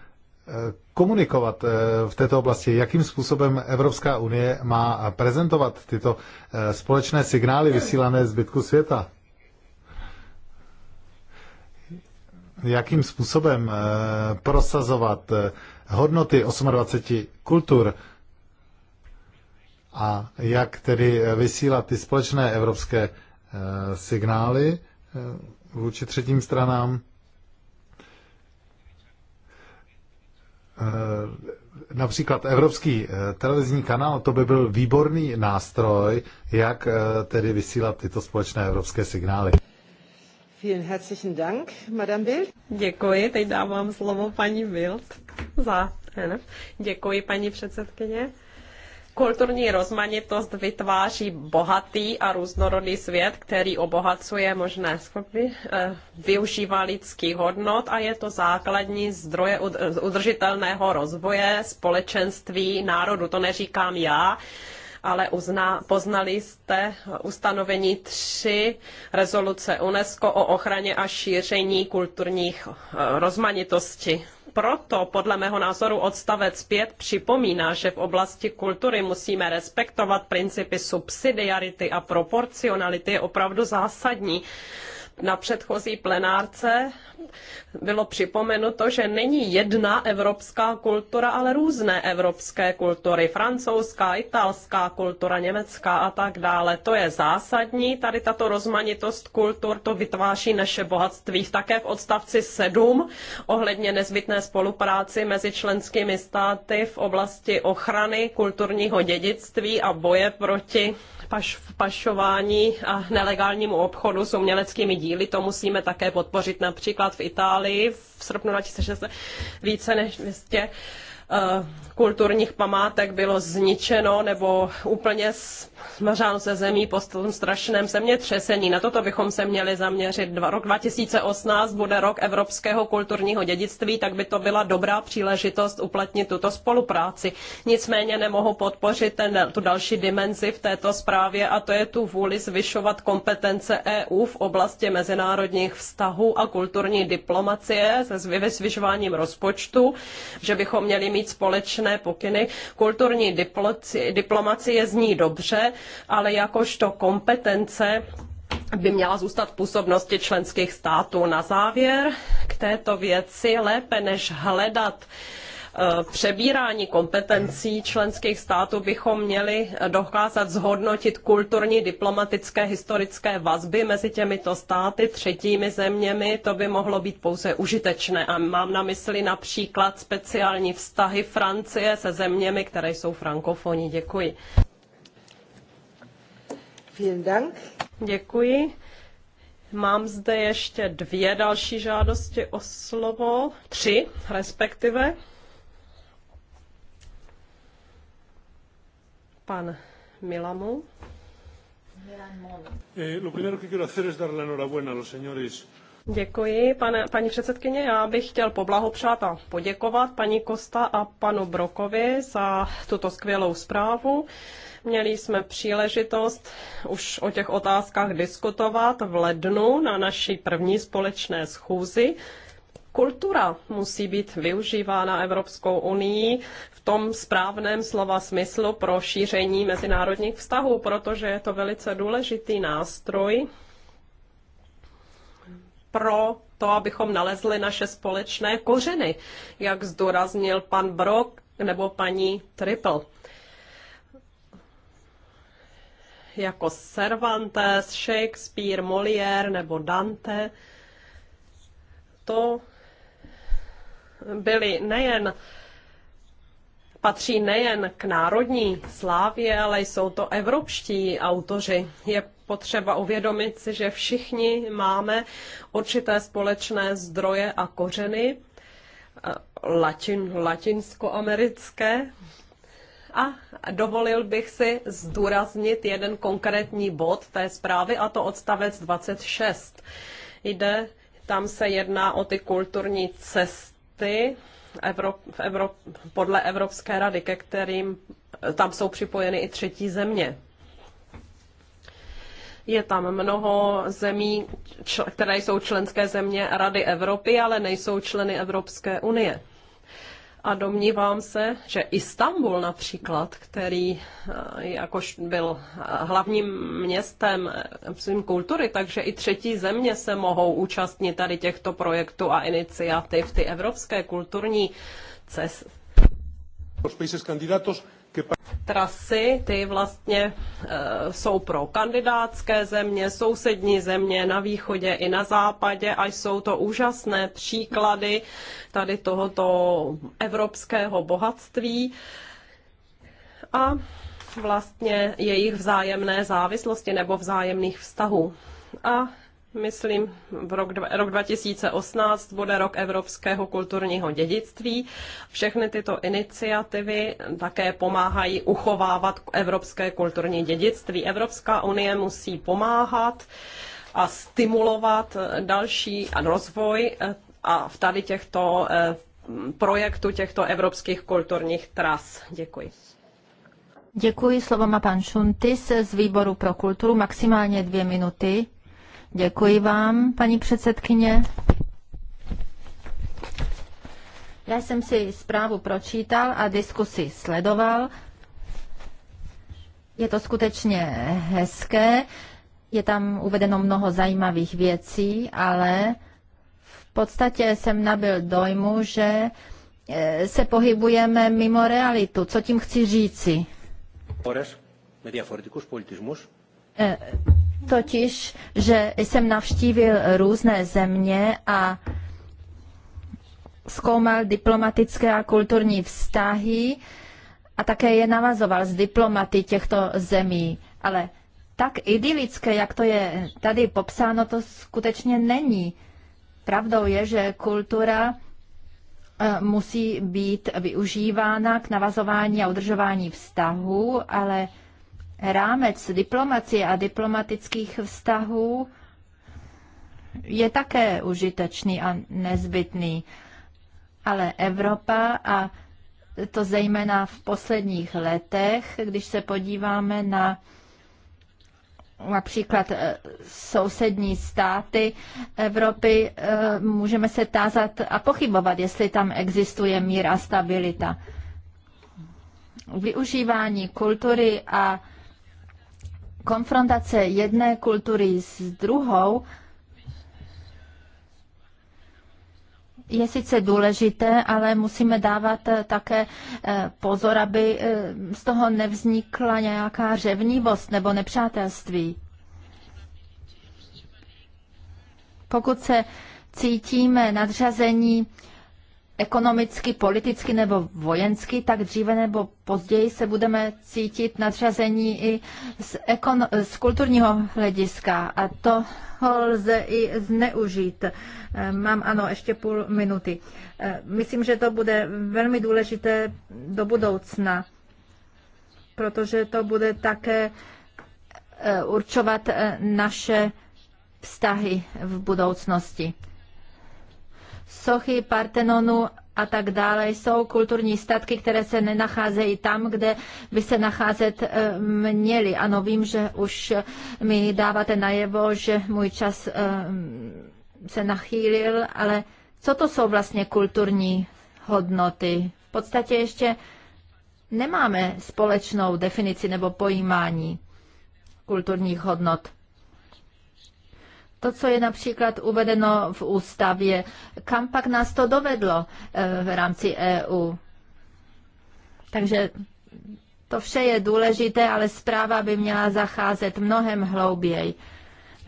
eh, komunikovat v této oblasti, jakým způsobem Evropská unie má prezentovat tyto společné signály vysílané zbytku světa. jakým způsobem eh, prosazovat eh, hodnoty 28 kultur a jak tedy eh, vysílat ty společné evropské signály vůči třetím stranám. Například Evropský televizní kanál, to by byl výborný nástroj, jak tedy vysílat tyto společné evropské signály. Vielen herzlichen Dank, Madame Bild. Děkuji, teď dávám slovo paní Bild za ne? Děkuji, paní předsedkyně. Kulturní rozmanitost vytváří bohatý a různorodý svět, který obohacuje možné schopy, eh, využívá lidských hodnot a je to základní zdroje udržitelného rozvoje společenství národu. To neříkám já, ale uzná, poznali jste ustanovení tři rezoluce UNESCO o ochraně a šíření kulturních eh, rozmanitosti. Proto podle mého názoru odstavec 5 připomíná, že v oblasti kultury musíme respektovat principy subsidiarity a proporcionality je opravdu zásadní na předchozí plenárce bylo připomenuto, že není jedna evropská kultura, ale různé evropské kultury. Francouzská, italská kultura, německá a tak dále. To je zásadní. Tady tato rozmanitost kultur to vytváří naše bohatství. Také v odstavci 7 ohledně nezbytné spolupráci mezi členskými státy v oblasti ochrany kulturního dědictví a boje proti paš, pašování a nelegálnímu obchodu s uměleckými díly. To musíme také podpořit například v Itálii v srpnu 2016 více než 200 Eh, kulturních památek bylo zničeno nebo úplně smařáno se zemí po tom strašném zemětřesení. Na toto bychom se měli zaměřit. rok 2018 bude rok evropského kulturního dědictví, tak by to byla dobrá příležitost uplatnit tuto spolupráci. Nicméně nemohu podpořit ten, tu další dimenzi v této zprávě a to je tu vůli zvyšovat kompetence EU v oblasti mezinárodních vztahů a kulturní diplomacie se zvyšováním rozpočtu, že bychom měli mít mít společné pokyny. Kulturní diplomacie zní dobře, ale jakožto kompetence by měla zůstat v působnosti členských států. Na závěr k této věci lépe než hledat Eh, přebírání kompetencí členských států bychom měli eh, dokázat zhodnotit kulturní, diplomatické, historické vazby mezi těmito státy, třetími zeměmi. To by mohlo být pouze užitečné. A mám na mysli například speciální vztahy Francie se zeměmi, které jsou frankofonní. Děkuji. Děkuji. Mám zde ještě dvě další žádosti o slovo, tři respektive. pan Milamu. Eh, Děkuji, pane, paní předsedkyně. Já bych chtěl poblahopřát a poděkovat paní Kosta a panu Brokovi za tuto skvělou zprávu. Měli jsme příležitost už o těch otázkách diskutovat v lednu na naší první společné schůzi. Kultura musí být využívána Evropskou unii v tom správném slova smyslu pro šíření mezinárodních vztahů, protože je to velice důležitý nástroj pro to, abychom nalezli naše společné kořeny, jak zdůraznil pan Brok nebo paní Triple. Jako Cervantes, Shakespeare, Molière nebo Dante, to byly nejen uh, patří nejen k národní slávě, ale jsou to evropští autoři. Je potřeba uvědomit si, že všichni máme určité společné zdroje a kořeny eh, latin, latinskoamerické. A dovolil bych si zdůraznit jeden konkrétní bod té zprávy, a to odstavec 26. Jde, tam se jedná o ty kulturní cesty, Evrop, v Evrop, podle Evropské rady, ke kterým eh, tam jsou připojeny i třetí země. Je tam mnoho zemí, které jsou členské země Rady Evropy, ale nejsou členy Evropské unie. A domnívám se, že Istanbul například, který eh, jakož byl eh, hlavním městem eh, svým kultury, takže i třetí země se mohou účastnit tady těchto projektů a iniciativ, ty evropské kulturní cesty. Trasy, ty vlastně e, jsou pro kandidátské země, sousední země na východě i na západě a jsou to úžasné příklady tady tohoto evropského bohatství. A vlastně jejich vzájemné závislosti nebo vzájemných vztahů. A myslím, v rok, rok 2018 bude rok evropského kulturního dědictví. Všechny tyto iniciativy také pomáhají uchovávat evropské kulturní dědictví. Evropská unie musí pomáhat a stimulovat další rozvoj eh, a v tady těchto eh, projektu těchto evropských kulturních tras. Děkuji. Děkuji, slovo má pan Šuntis z výboru pro kulturu, maximálně dvě minuty. Děkuji vám, paní předsedkyně. Já jsem si zprávu pročítal a diskusi sledoval. Je to skutečně hezké, je tam uvedeno mnoho zajímavých věcí, ale v podstatě jsem nabil dojmu, že eh, se pohybujeme mimo realitu. Co tím chci říci? Horas, totiž, že jsem navštívil různé země a zkoumal diplomatické a kulturní vztahy a také je navazoval z diplomaty těchto zemí. Ale tak idylické, jak to je tady popsáno, to skutečně není. Pravdou je, že kultura eh, musí být využívána k navazování a udržování vztahu, ale rámec diplomacie a diplomatických vztahů je také užitečný a nezbytný. Ale Evropa a to zejména v posledních letech, když se podíváme na například eh, sousední státy Evropy, eh, můžeme se tázat a pochybovat, jestli tam existuje mír a stabilita. Využívání kultury a konfrontace jedné kultury s druhou je sice důležité, ale musíme dávat eh, také eh, pozor, aby eh, z toho nevznikla nějaká řevnivost nebo nepřátelství. Pokud se cítíme nadřazení ekonomicky, politicky nebo vojensky, tak dříve nebo později se budeme cítit nadřazení i z, ekon- z kulturního hlediska a to lze i zneužít. Eh, mám ano, ještě půl minuty. Eh, myslím, že to bude velmi důležité do budoucna, protože to bude také eh, určovat naše vztahy v budoucnosti sochy Partenonu a tak dále jsou kulturní statky, které se nenacházejí tam, kde by se nacházet eh, měly. Ano, vím, že už mi dáváte najevo, že můj čas eh, se nachýlil, ale co to jsou vlastně kulturní hodnoty? V podstatě ještě nemáme společnou definici nebo pojímání kulturních hodnot. To, co je například uvedeno v ústavě, kam pak nás to dovedlo eh, v rámci EU. Takže to vše je důležité, ale zpráva by měla zacházet mnohem hlouběji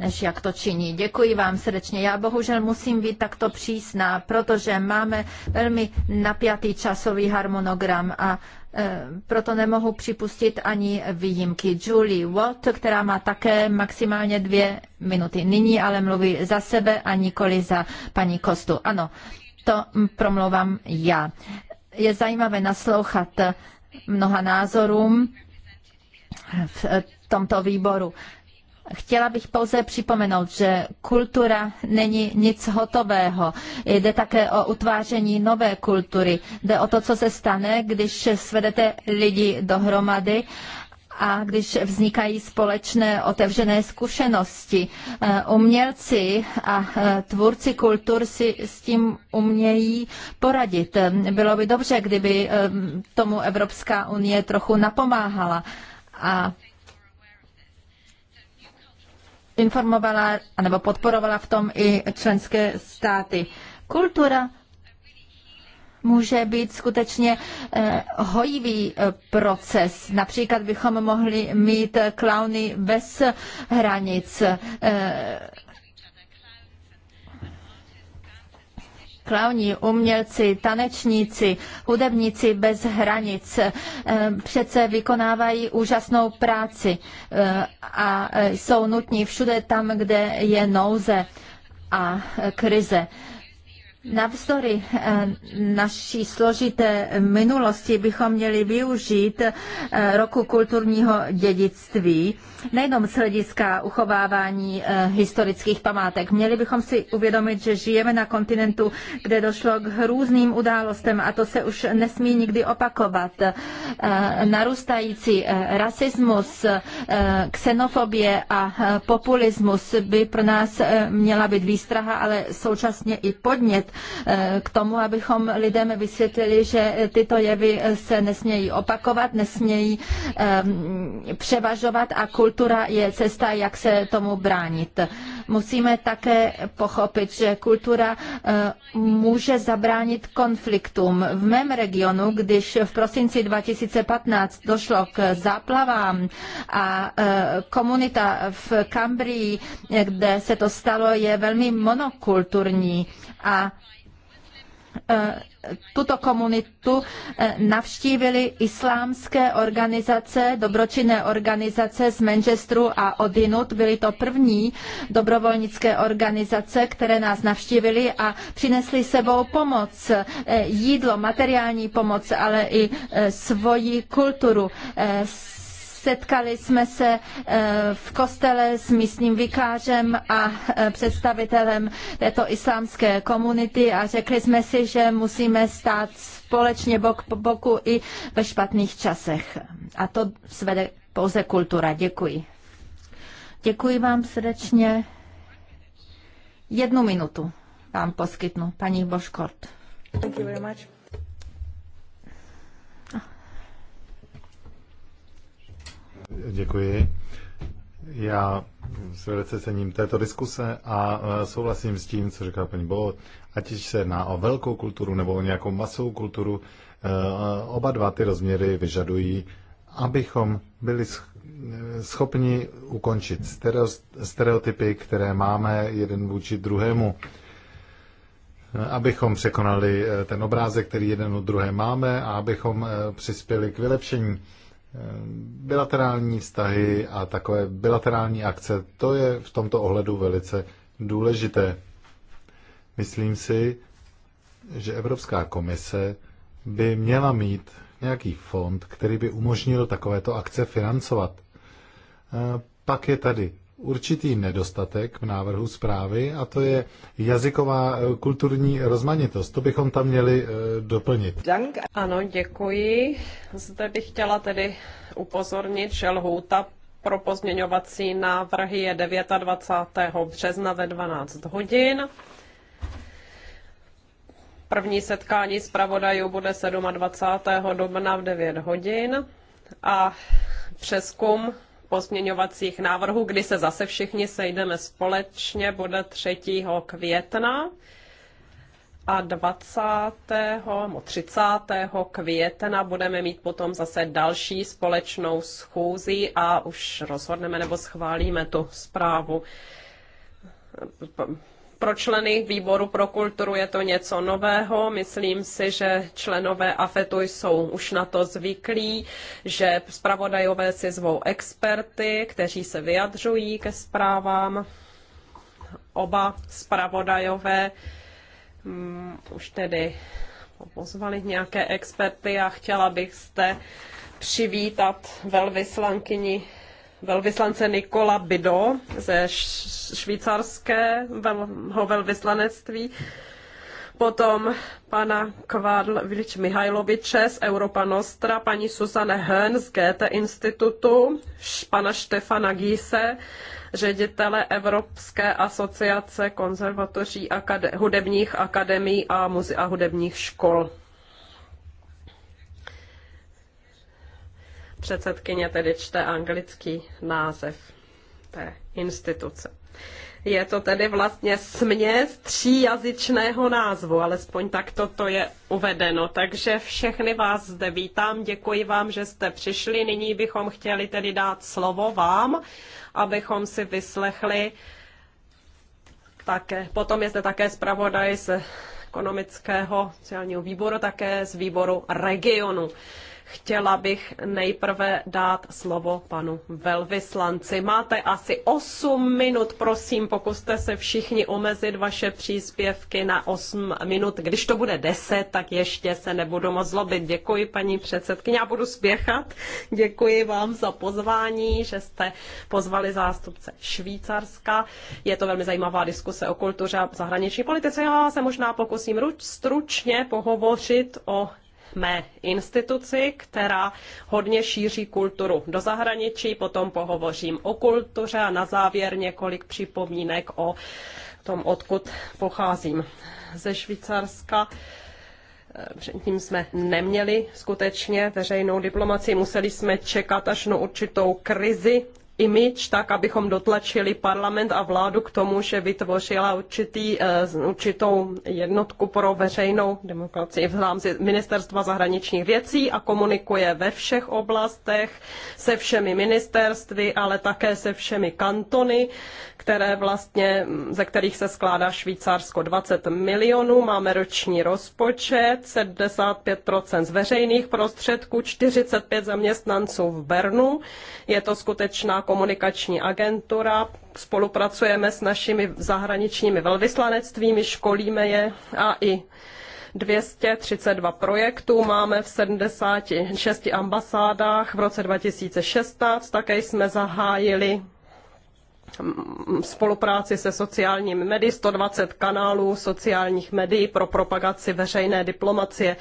než jak to činí. Děkuji vám srdečně. Já bohužel musím být takto přísná, protože máme velmi napjatý časový harmonogram a e, proto nemohu připustit ani výjimky. Julie Watt, která má také maximálně dvě minuty. Nyní ale mluví za sebe a nikoli za paní Kostu. Ano, to promluvám já. Je zajímavé naslouchat mnoha názorům v tomto výboru. Chtěla bych pouze připomenout, že kultura není nic hotového. Jde také o utváření nové kultury. Jde o to, co se stane, když svedete lidi dohromady a když vznikají společné otevřené zkušenosti. Eh, umělci a eh, tvůrci kultur si s tím umějí poradit. Bylo by dobře, kdyby eh, tomu Evropská unie trochu napomáhala. A informovala nebo podporovala v tom i členské státy. Kultura může být skutečně eh, hojivý eh, proces. Například bychom mohli mít eh, klauny bez hranic klauni, umělci, tanečníci, hudebníci bez hranic eh, přece vykonávají úžasnou práci eh, a eh, jsou nutní všude tam, kde je nouze a krize. Navzdory eh, naší složité minulosti bychom měli využít eh, roku kulturního dědictví nejenom z hlediska uchovávání eh, historických památek. Měli bychom si uvědomit, že žijeme na kontinentu, kde došlo k různým událostem a to se už nesmí nikdy opakovat. Narůstající rasismus, xenofobie a populismus by pro nás měla být výstraha, ale současně i podnět Eh, k tomu, abychom lidem vysvětlili, že tyto jevy se nesmějí opakovat, nesmějí ehm, převažovat a kultura je cesta, jak se tomu bránit. Musíme také pochopit, že kultura eh, může zabránit konfliktům. V mém regionu, když v prosinci 2015 došlo k záplavám a eh, komunita v Kambrii, kde se to stalo, je velmi monokulturní a Eh, tuto komunitu eh, navštívili islámské organizace, dobročinné organizace z Manchesteru a odinut. Byly to první dobrovolnické organizace, které nás navštívili a přinesli sebou pomoc, eh, jídlo, materiální pomoc, ale i svoji kulturu. S Setkali jsme se eh, v kostele s místním vikářem a eh, představitelem této islámské komunity a řekli jsme si, že musíme stát společně bok po boku i ve špatných časech. A to svede pouze kultura. Děkuji. Děkuji vám srdečně. Jednu minutu vám poskytnu, paní Boškort. Thank you very much. Děkuji. Já se velice cením této diskuse a e, souhlasím s tím, co říká paní Bolo. Ať se jedná o velkou kulturu nebo o nějakou masovou kulturu, e, oba dva ty rozměry vyžadují, abychom byli schopni ukončit stereotypy, které máme jeden vůči druhému e, abychom překonali ten obrázek, který jeden od druhé máme a abychom přispěli k vylepšení Eh, bilaterální vztahy a takové bilaterální akce, to je v tomto ohledu velice důležité. Myslím si, že Evropská komise by měla mít nějaký fond, který by umožnil takovéto akce financovat. Eh, pak je tady určitý nedostatek v návrhu zprávy a to je jazyková eh, kulturní rozmanitost. To bychom tam měli eh, doplnit. Ano, děkuji. Zde bych chtěla tedy upozornit, že lhůta pro pozměňovací návrhy je 29. března ve 12 hodin. První setkání zpravodajů bude 27. dubna v 9 hodin a přeskum pozměňovacích návrhů, kdy se zase všichni sejdeme společně, bude 3. května a 20. 30. května budeme mít potom zase další společnou schůzi a už rozhodneme nebo schválíme tu zprávu pro členy výboru pro kulturu je to něco nového. Myslím si, že členové AFETu jsou už na to zvyklí, že zpravodajové si zvou experty, kteří se vyjadřují ke zprávám. Oba zpravodajové um, už tedy pozvali nějaké experty a chtěla bych zde přivítat velvyslankyni velvyslance Nikola Bido ze švýcarského velvyslanectví, potom pana Vilič Mihajloviče z Europa Nostra, paní Susanne Hön z GT Institutu, pana Štefana Gíse, ředitele Evropské asociace konzervatoří akade- hudebních akademií a, muze- a hudebních škol. Předsedkyně tedy čte anglický název té instituce. Je to tedy vlastně směs tříjazyčného názvu, alespoň tak toto je uvedeno. Takže všechny vás zde vítám, děkuji vám, že jste přišli. Nyní bychom chtěli tedy dát slovo vám, abychom si vyslechli také. Potom je zde také zpravodaj z ekonomického sociálního výboru, také z výboru regionu. Chtěla bych nejprve dát slovo panu velvyslanci. Máte asi 8 minut, prosím, pokuste se všichni omezit vaše příspěvky na 8 minut. Když to bude 10, tak ještě se nebudu moc zlobit. Děkuji, paní předsedkyně, já budu spěchat. Děkuji vám za pozvání, že jste pozvali zástupce Švýcarska. Je to velmi zajímavá diskuse o kultuře a zahraniční politice. Já se možná pokusím stručně pohovořit o mé instituci, která hodně šíří kulturu do zahraničí, potom pohovořím o kultuře a na závěr několik připomínek o tom, odkud pocházím ze Švýcarska. Eh, předtím jsme neměli skutečně veřejnou diplomaci, museli jsme čekat až na určitou krizi image, tak abychom dotlačili parlament a vládu k tomu, že vytvořila určitý, eh, určitou jednotku pro veřejnou demokracii v rámci ministerstva zahraničních věcí a komunikuje ve všech oblastech se všemi ministerstvy, ale také se všemi kantony, které vlastně, hm, ze kterých se skládá Švýcarsko 20 milionů, máme roční rozpočet, 75% z veřejných prostředků, 45 zaměstnanců v Bernu. Je to skutečná komunikační agentura, spolupracujeme s našimi zahraničními velvyslanectvími, školíme je a i 232 projektů máme v 76 ambasádách. V roce 2016 také jsme zahájili spolupráci se sociálními médii, 120 kanálů sociálních médií pro propagaci veřejné diplomacie.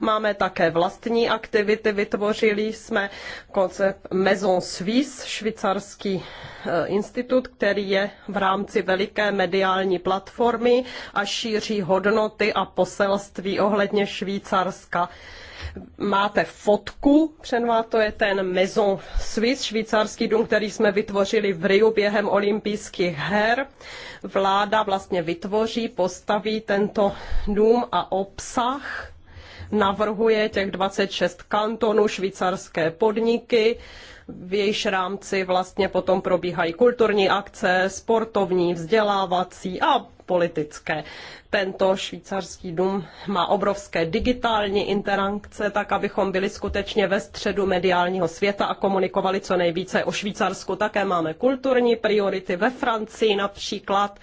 Máme také vlastní aktivity, vytvořili jsme koncept Maison Suisse, švýcarský eh, institut, který je v rámci veliké mediální platformy a šíří hodnoty a poselství ohledně Švýcarska. Máte fotku před to je ten Maison Swiss, švýcarský dům, který jsme vytvořili v Riu během olympijských her. Vláda vlastně vytvoří, postaví tento dům a obsah navrhuje těch 26 kantonů švýcarské podniky. V jejich rámci vlastně potom probíhají kulturní akce, sportovní, vzdělávací a politické. Tento švýcarský dům má obrovské digitální interakce, tak abychom byli skutečně ve středu mediálního světa a komunikovali co nejvíce o Švýcarsku. Také máme kulturní priority ve Francii například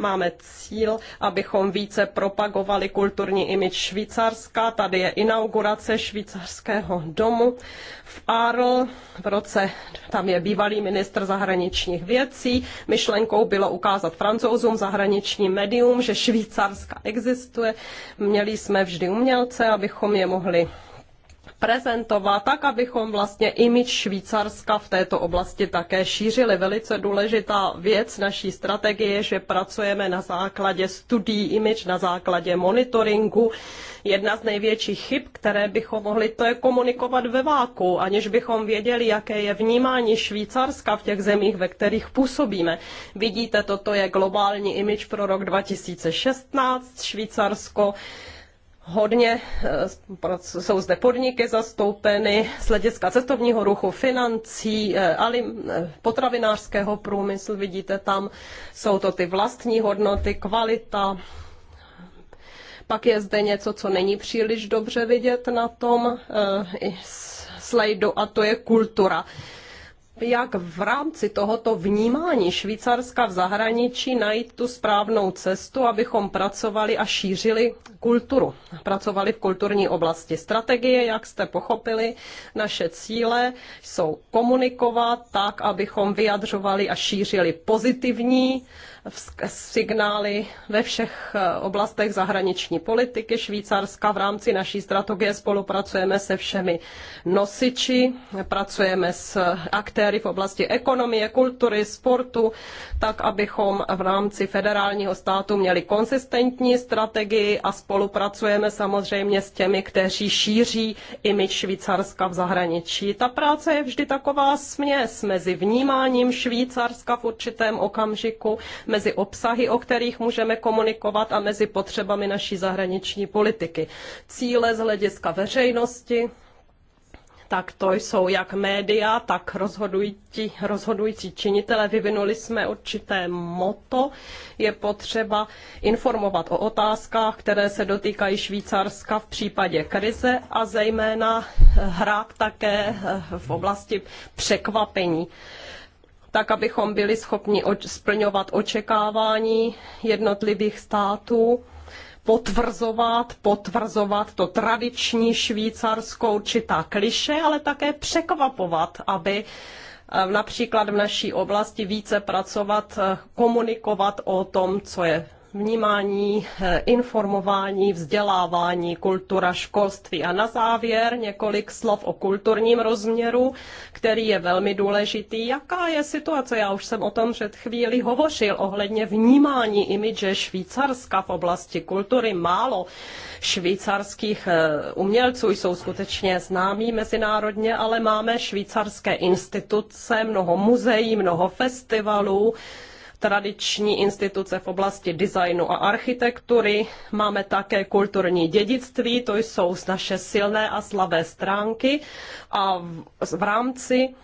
Máme cíl, abychom více propagovali kulturní imič Švýcarska. Tady je inaugurace švýcarského domu v Arl. V roce tam je bývalý ministr zahraničních věcí. Myšlenkou bylo ukázat francouzům zahraničním médium, že Švýcarska existuje. Měli jsme vždy umělce, abychom je mohli prezentovat tak, abychom vlastně imič Švýcarska v této oblasti také šířili. Velice důležitá věc naší strategie je, že pracujeme na základě studií imič, na základě monitoringu. Jedna z největších chyb, které bychom mohli, to je komunikovat ve váku, aniž bychom věděli, jaké je vnímání Švýcarska v těch zemích, ve kterých působíme. Vidíte, toto je globální imič pro rok 2016, Švýcarsko hodně eh, jsou zde podniky zastoupeny z hlediska cestovního ruchu, financí, eh, eh, potravinářského průmyslu, vidíte tam, jsou to ty vlastní hodnoty, kvalita. Pak je zde něco, co není příliš dobře vidět na tom slajdu a to je kultura jak v rámci tohoto vnímání Švýcarska v zahraničí najít tu správnou cestu, abychom pracovali a šířili kulturu. Pracovali v kulturní oblasti strategie, jak jste pochopili. Naše cíle jsou komunikovat tak, abychom vyjadřovali a šířili pozitivní signály ve všech eh, oblastech zahraniční politiky Švýcarska. V rámci naší strategie spolupracujeme se všemi nosiči, pracujeme s aktéry v oblasti ekonomie, kultury, sportu, tak abychom v rámci federálního státu měli konsistentní strategii a spolupracujeme samozřejmě s těmi, kteří šíří imič Švýcarska v zahraničí. Ta práce je vždy taková směs mezi vnímáním Švýcarska v určitém okamžiku, mezi obsahy, o kterých můžeme komunikovat a mezi potřebami naší zahraniční politiky. Cíle z hlediska veřejnosti, tak to jsou jak média, tak rozhodující, rozhodující činitele. Vyvinuli jsme určité moto. Je potřeba informovat o otázkách, které se dotýkají Švýcarska v případě krize a zejména hrát také eh, v oblasti překvapení tak abychom byli schopni splňovat očekávání jednotlivých států potvrzovat, potvrzovat to tradiční švýcarsko, určitá kliše, ale také překvapovat, aby eh, například v naší oblasti více pracovat, eh, komunikovat o tom, co je vnímání, eh, informování, vzdělávání, kultura, školství. A na závěr několik slov o kulturním rozměru, který je velmi důležitý. Jaká je situace? Já už jsem o tom před chvíli hovořil ohledně vnímání imidže Švýcarska v oblasti kultury. Málo švýcarských eh, umělců jsou skutečně známí mezinárodně, ale máme švýcarské instituce, mnoho muzeí, mnoho festivalů, tradiční instituce v oblasti designu a architektury. Máme také kulturní dědictví, to jsou naše silné a slabé stránky a v, v rámci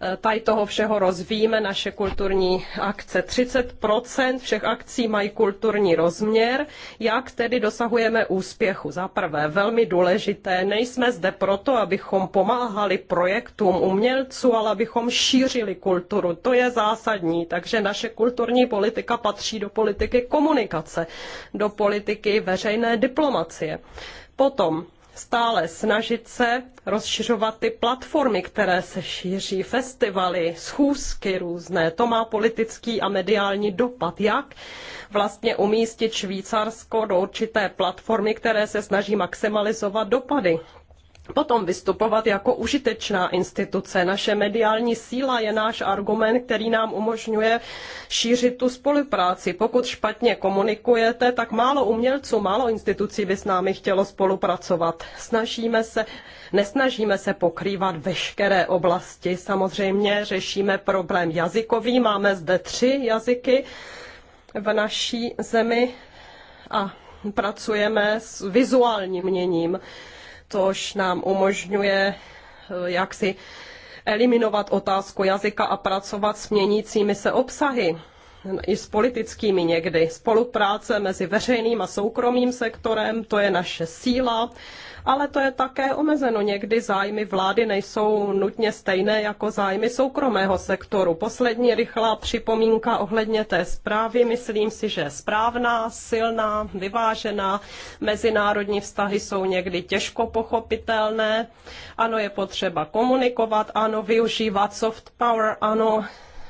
Eh, tady toho všeho rozvíjíme naše kulturní akce. 30% všech akcí mají kulturní rozměr. Jak tedy dosahujeme úspěchu? Za prvé, velmi důležité, nejsme zde proto, abychom pomáhali projektům umělců, ale abychom šířili kulturu. To je zásadní, takže naše kulturní politika patří do politiky komunikace, do politiky veřejné diplomacie. Potom stále snažit se rozšiřovat ty platformy, které se šíří, festivaly, schůzky různé. To má politický a mediální dopad. Jak vlastně umístit Švýcarsko do určité platformy, které se snaží maximalizovat dopady potom vystupovat jako užitečná instituce. Naše mediální síla je náš argument, který nám umožňuje šířit tu spolupráci. Pokud špatně komunikujete, tak málo umělců, málo institucí by s námi chtělo spolupracovat. Snažíme se, nesnažíme se pokrývat veškeré oblasti. Samozřejmě řešíme problém jazykový, máme zde tři jazyky v naší zemi a pracujeme s vizuálním měním což nám umožňuje eh, jaksi eliminovat otázku jazyka a pracovat s měnícími se obsahy i s politickými někdy. Spolupráce mezi veřejným a soukromým sektorem, to je naše síla ale to je také omezeno. Někdy zájmy vlády nejsou nutně stejné jako zájmy soukromého sektoru. Poslední rychlá připomínka ohledně té zprávy, myslím si, že je správná, silná, vyvážená. Mezinárodní vztahy jsou někdy těžko pochopitelné. Ano, je potřeba komunikovat, ano, využívat soft power, ano,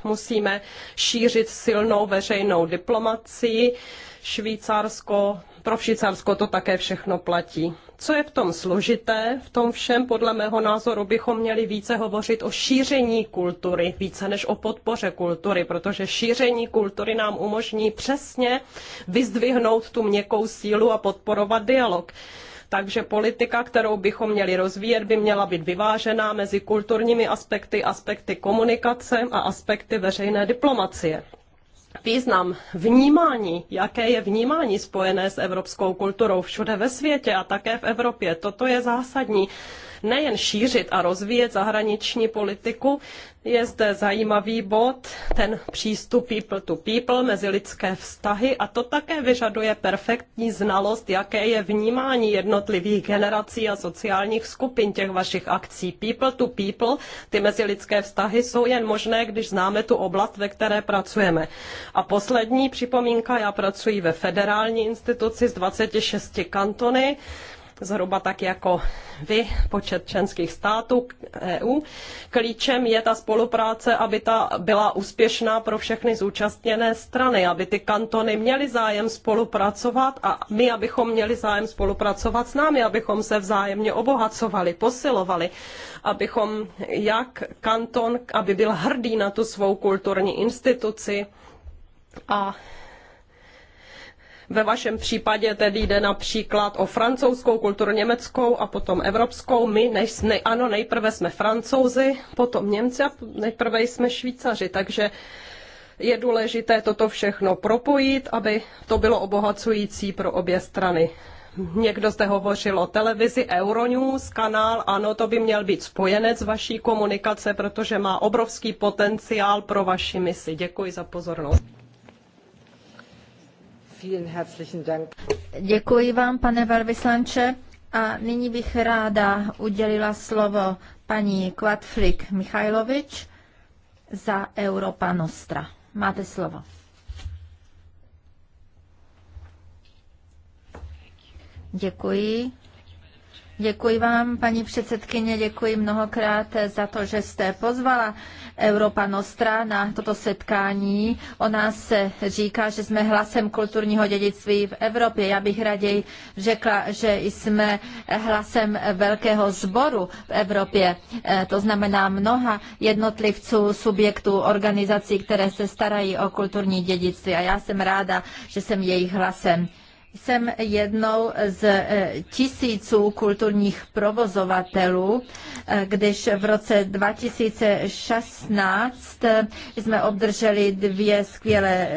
musíme šířit silnou veřejnou diplomacii. Švýcarsko, pro Švýcarsko to také všechno platí. Co je v tom složité? V tom všem podle mého názoru bychom měli více hovořit o šíření kultury, více než o podpoře kultury, protože šíření kultury nám umožní přesně vyzdvihnout tu měkkou sílu a podporovat dialog. Takže politika, kterou bychom měli rozvíjet, by měla být vyvážená mezi kulturními aspekty, aspekty komunikace a aspekty veřejné diplomacie význam vnímání, jaké je vnímání spojené s evropskou kulturou všude ve světě a také v Evropě. Toto je zásadní nejen šířit a rozvíjet zahraniční politiku. Je zde zajímavý bod, ten přístup people to people, mezilidské vztahy a to také vyžaduje perfektní znalost, jaké je vnímání jednotlivých generací a sociálních skupin těch vašich akcí. People to people, ty mezilidské vztahy jsou jen možné, když známe tu oblast, ve které pracujeme. A poslední připomínka, já pracuji ve federální instituci s 26 kantony zhruba tak jako vy, počet členských států EU. Klíčem je ta spolupráce, aby ta byla úspěšná pro všechny zúčastněné strany, aby ty kantony měly zájem spolupracovat a my, abychom měli zájem spolupracovat s námi, abychom se vzájemně obohacovali, posilovali, abychom jak kanton, aby byl hrdý na tu svou kulturní instituci, a ve vašem případě tedy jde například o francouzskou kulturu, německou a potom evropskou. My, než, ne, ano, nejprve jsme francouzi, potom Němci a nejprve jsme Švýcaři, takže je důležité toto všechno propojit, aby to bylo obohacující pro obě strany. Někdo zde hovořil o televizi Euronews, kanál, ano, to by měl být spojenec vaší komunikace, protože má obrovský potenciál pro vaši misi. Děkuji za pozornost. Děkuji vám, pane velvyslanče. A nyní bych ráda udělila slovo paní Kvatflik Michajlovič za Europa Nostra. Máte slovo. Děkuji. Děkuji vám, paní předsedkyně, děkuji mnohokrát za to, že jste pozvala Europa Nostra na toto setkání. O nás se říká, že jsme hlasem kulturního dědictví v Evropě. Já bych raději řekla, že jsme hlasem velkého sboru v Evropě. E, to znamená mnoha jednotlivců, subjektů, organizací, které se starají o kulturní dědictví. A já jsem ráda, že jsem jejich hlasem. Jsem jednou z e, tisíců kulturních provozovatelů, e, když v roce 2016 e, jsme obdrželi dvě skvělé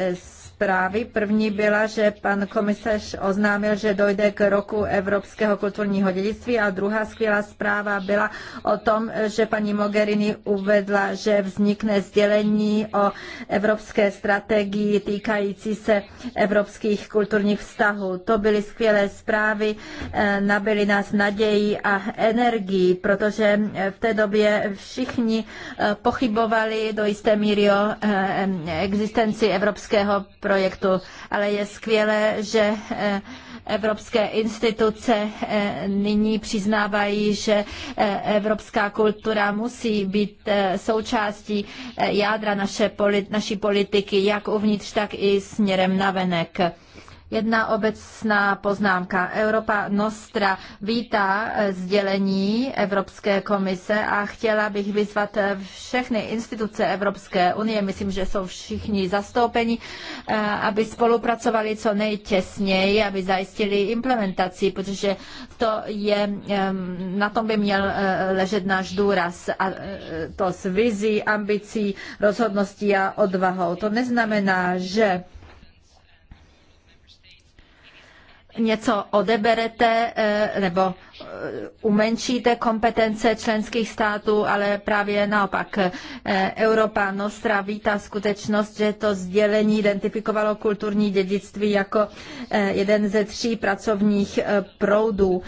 zprávy. První byla, že pan komisař oznámil, že dojde k roku evropského kulturního dědictví a druhá skvělá zpráva byla o tom, že paní Mogherini uvedla, že vznikne sdělení o evropské strategii týkající se evropských kulturních vztahů. To byly skvělé zprávy, eh, nabyly nás naději a energii, protože v té době všichni eh, pochybovali do jisté míry o eh, existenci evropského projektu, ale je skvělé, že eh, evropské instituce eh, nyní přiznávají, že eh, evropská kultura musí být součástí jádra naše, naší politiky, jak uvnitř, tak i směrem navenek. venek. Jedna obecná poznámka. Europa Nostra vítá eh, sdělení Evropské komise a chtěla bych vyzvat eh, všechny instituce Evropské unie, myslím, že jsou všichni zastoupeni, eh, aby spolupracovali co nejtěsněji, aby zajistili implementaci, protože to je, na tom by měl ležet náš důraz a to s vizí, ambicí, rozhodností a odvahou. To neznamená, že něco odeberete eh, nebo eh, umenšíte kompetence členských států, ale právě naopak Evropa eh, Nostra vítá skutečnost, že to sdělení identifikovalo kulturní dědictví jako jeden ze tří pracovních proudů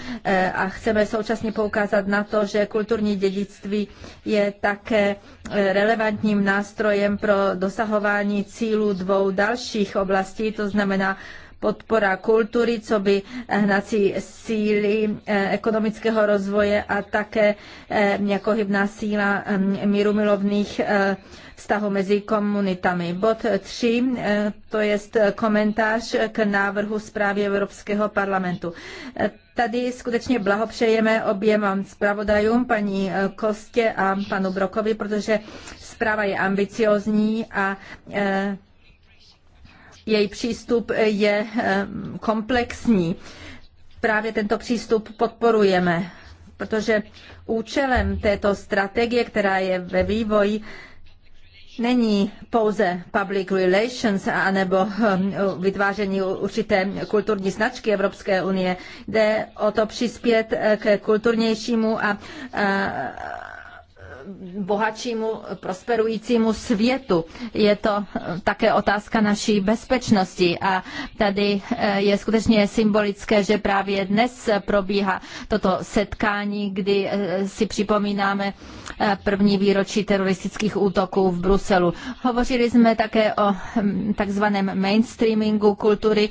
a chceme současně poukázat na to, že kulturní dědictví je také relevantním nástrojem pro dosahování cílů dvou dalších oblastí, to znamená podpora kultury, co by hnací síly eh, ekonomického rozvoje a také eh, jako hybná síla mm, mírumilovných eh, vztahu mezi komunitami. Bod 3, to je komentář k návrhu zprávy Evropského parlamentu. Tady skutečně blahopřejeme oběma zpravodajům, paní Kostě a panu Brokovi, protože zpráva je ambiciozní a její přístup je eh, komplexní. Právě tento přístup podporujeme, protože účelem této strategie, která je ve vývoji, není pouze public relations anebo eh, vytváření určité kulturní značky Evropské unie. Jde o to přispět eh, k kulturnějšímu a, a bohatšímu, prosperujícímu světu. Je to eh, také otázka naší bezpečnosti a tady eh, je skutečně symbolické, že právě dnes probíhá toto setkání, kdy eh, si připomínáme první výročí teroristických útoků v Bruselu. Hovořili jsme také o hm, takzvaném mainstreamingu kultury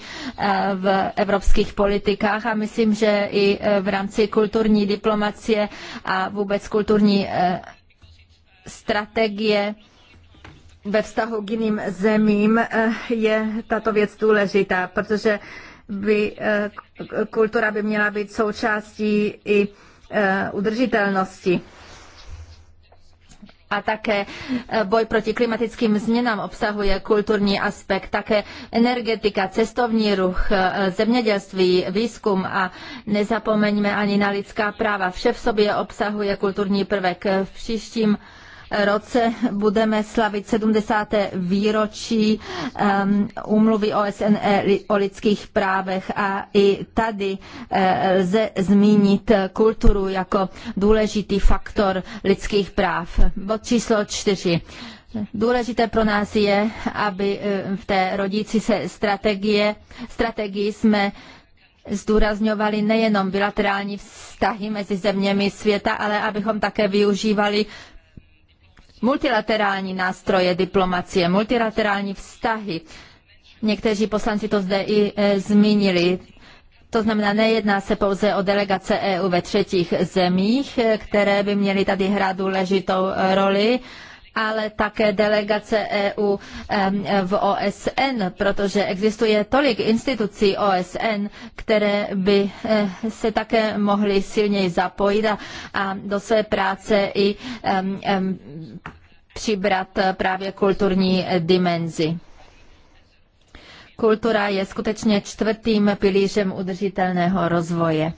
v evropských politikách a myslím, že i v rámci kulturní diplomacie a vůbec kulturní strategie ve vztahu k jiným zemím eh, je tato věc důležitá, protože by, eh, kultura by měla být součástí i eh, udržitelnosti. A také boj proti klimatickým změnám obsahuje kulturní aspekt, také energetika, cestovní ruch, zemědělství, výzkum a nezapomeňme ani na lidská práva. Vše v sobě obsahuje kulturní prvek. V příštím roce budeme slavit 70. výročí umluvy OSN e o lidských právech a i tady eh, lze zmínit kulturu jako důležitý faktor lidských práv. Bod číslo čtyři. Důležité pro nás je, aby eh, v té rodící se strategie, strategii jsme zdůrazňovali nejenom bilaterální vztahy mezi zeměmi světa, ale abychom také využívali multilaterální nástroje diplomacie, multilaterální vztahy. Někteří poslanci to zde i e, zmínili. To znamená, nejedná se pouze o delegace EU ve třetích zemích, e, které by měly tady hrát důležitou e, roli, ale také delegace EU v OSN, protože existuje tolik institucí OSN, které by eh, se také mohly silněji zapojit a, do své práce i přibrat právě kulturní dimenzi. Kultura je skutečně čtvrtým pilířem udržitelného rozvoje.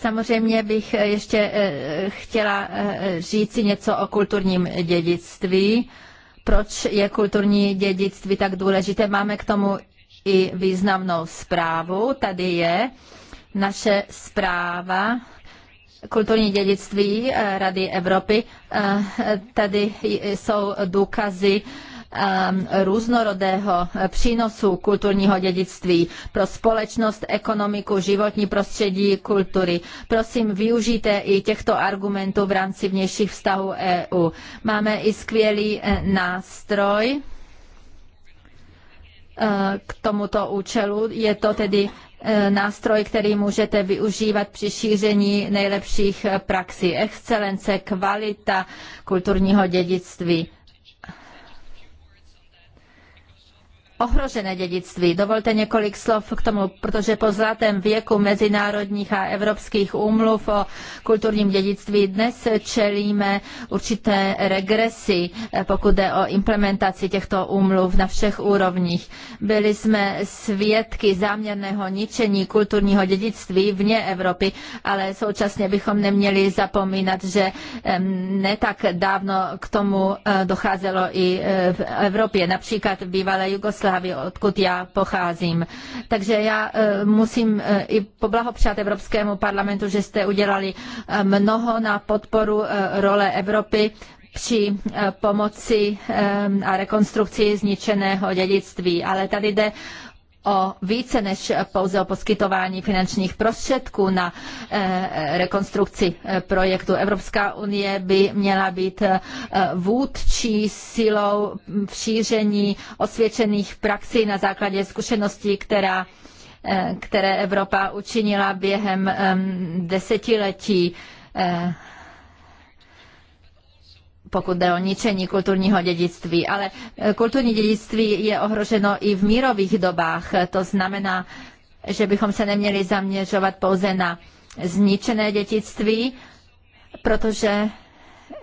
Samozřejmě bych eh, ještě eh, chtěla eh, říci něco o kulturním dědictví. Proč je kulturní dědictví tak důležité? Máme k tomu i významnou zprávu. Tady je naše zpráva kulturní dědictví Rady Evropy. Tady jsou důkazy Um, různorodého eh, přínosu kulturního dědictví pro společnost, ekonomiku, životní prostředí, kultury. Prosím, využijte i těchto argumentů v rámci vnějších vztahů EU. Máme i skvělý eh, nástroj eh, k tomuto účelu. Je to tedy nástroj, který můžete využívat při šíření nejlepších praxí. Excelence, kvalita kulturního dědictví. ohrožené dědictví. Dovolte několik slov k tomu, protože po zlatém věku mezinárodních a evropských úmluv o kulturním dědictví dnes čelíme určité regresi, eh, pokud jde o implementaci těchto úmluv na všech úrovních. Byli jsme svědky záměrného ničení kulturního dědictví vně Evropy, ale současně bychom neměli zapomínat, že ne tak dávno k tomu eh, docházelo i eh, v Evropě, například v bývalé Jugoslávii Jugoslávii, odkud já pocházím. Takže já eh, musím eh, i poblahopřát Evropskému parlamentu, že jste udělali eh, mnoho na podporu role Evropy při pomoci a rekonstrukci zničeného dědictví. Ale tady jde o více než pouze o poskytování finančních prostředků na eh, rekonstrukci eh, projektu. Evropská unie by měla být eh, vůdčí silou v šíření osvědčených praxí na základě zkušeností, která které Evropa učinila během desetiletí pokud jde o ničení kulturního dědictví, ale eh, kulturní dědictví je ohroženo i v mírových dobách. To znamená, že bychom se neměli zaměřovat pouze na zničené dědictví, protože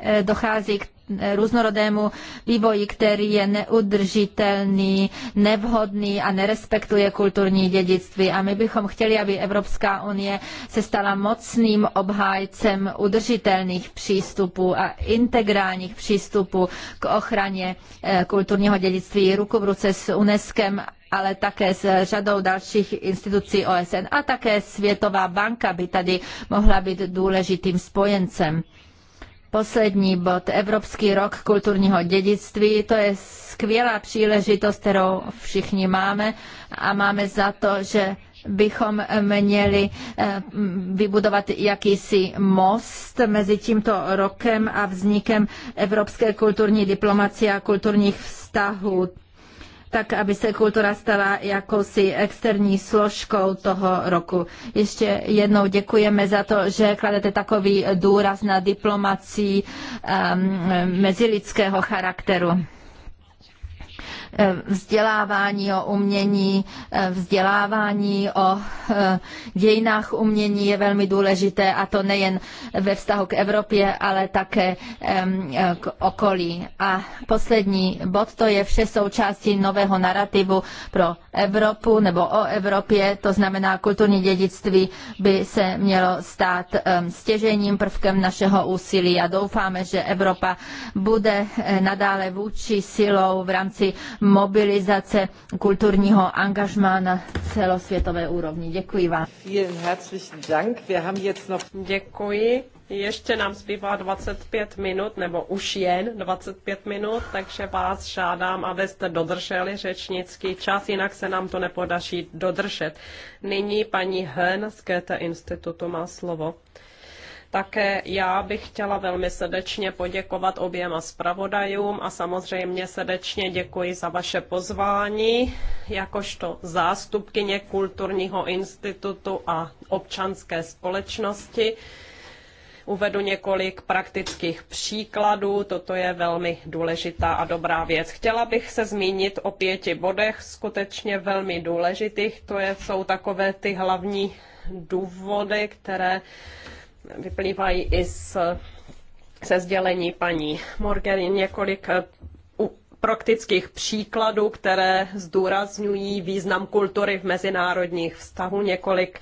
eh, dochází k Eh, různorodému vývoji, který je neudržitelný, nevhodný a nerespektuje kulturní dědictví. A my bychom chtěli, aby Evropská unie se stala mocným obhájcem udržitelných přístupů a integrálních přístupů k ochraně eh, kulturního dědictví ruku v ruce s UNESCO ale také s řadou dalších institucí OSN a také Světová banka by tady mohla být důležitým spojencem. Poslední bod, Evropský rok kulturního dědictví, to je skvělá příležitost, kterou všichni máme a máme za to, že bychom měli eh, vybudovat jakýsi most mezi tímto rokem a vznikem Evropské kulturní diplomacie a kulturních vztahů tak aby se kultura stala jakousi externí složkou toho roku. Ještě jednou děkujeme za to, že kladete takový důraz na diplomacii um, ehm, mezilidského charakteru. Eh, vzdělávání, o umění, eh, vzdělávání o eh, dějinách umění je velmi důležité a to nejen ve vztahu k Evropě, ale také k okolí. A poslední bod, to je vše součástí nového narrativu pro Evropu nebo o Evropě, to znamená kulturní dědictví by se mělo stát stěžením prvkem našeho úsilí a doufáme, že Evropa bude nadále vůči silou v rámci mobilizace kulturního angažmá na celosvětové úrovni. Děkuji vám. Děkuji. Ještě nám zbývá 25 minut, nebo už jen 25 minut, takže vás žádám, abyste dodrželi řečnický čas, jinak se nám to nepodaří dodržet. Nyní paní Hen z Goethe Institutu má slovo. Také já bych chtěla velmi srdečně poděkovat oběma zpravodajům a samozřejmě srdečně děkuji za vaše pozvání jakožto zástupkyně Kulturního institutu a občanské společnosti. Uvedu několik praktických příkladů. Toto je velmi důležitá a dobrá věc. Chtěla bych se zmínit o pěti bodech, skutečně velmi důležitých. To je, jsou takové ty hlavní důvody, které vyplývají i z, se sdělení paní Morgan několik eh, praktických příkladů, které zdůrazňují význam kultury v mezinárodních vztahu Několik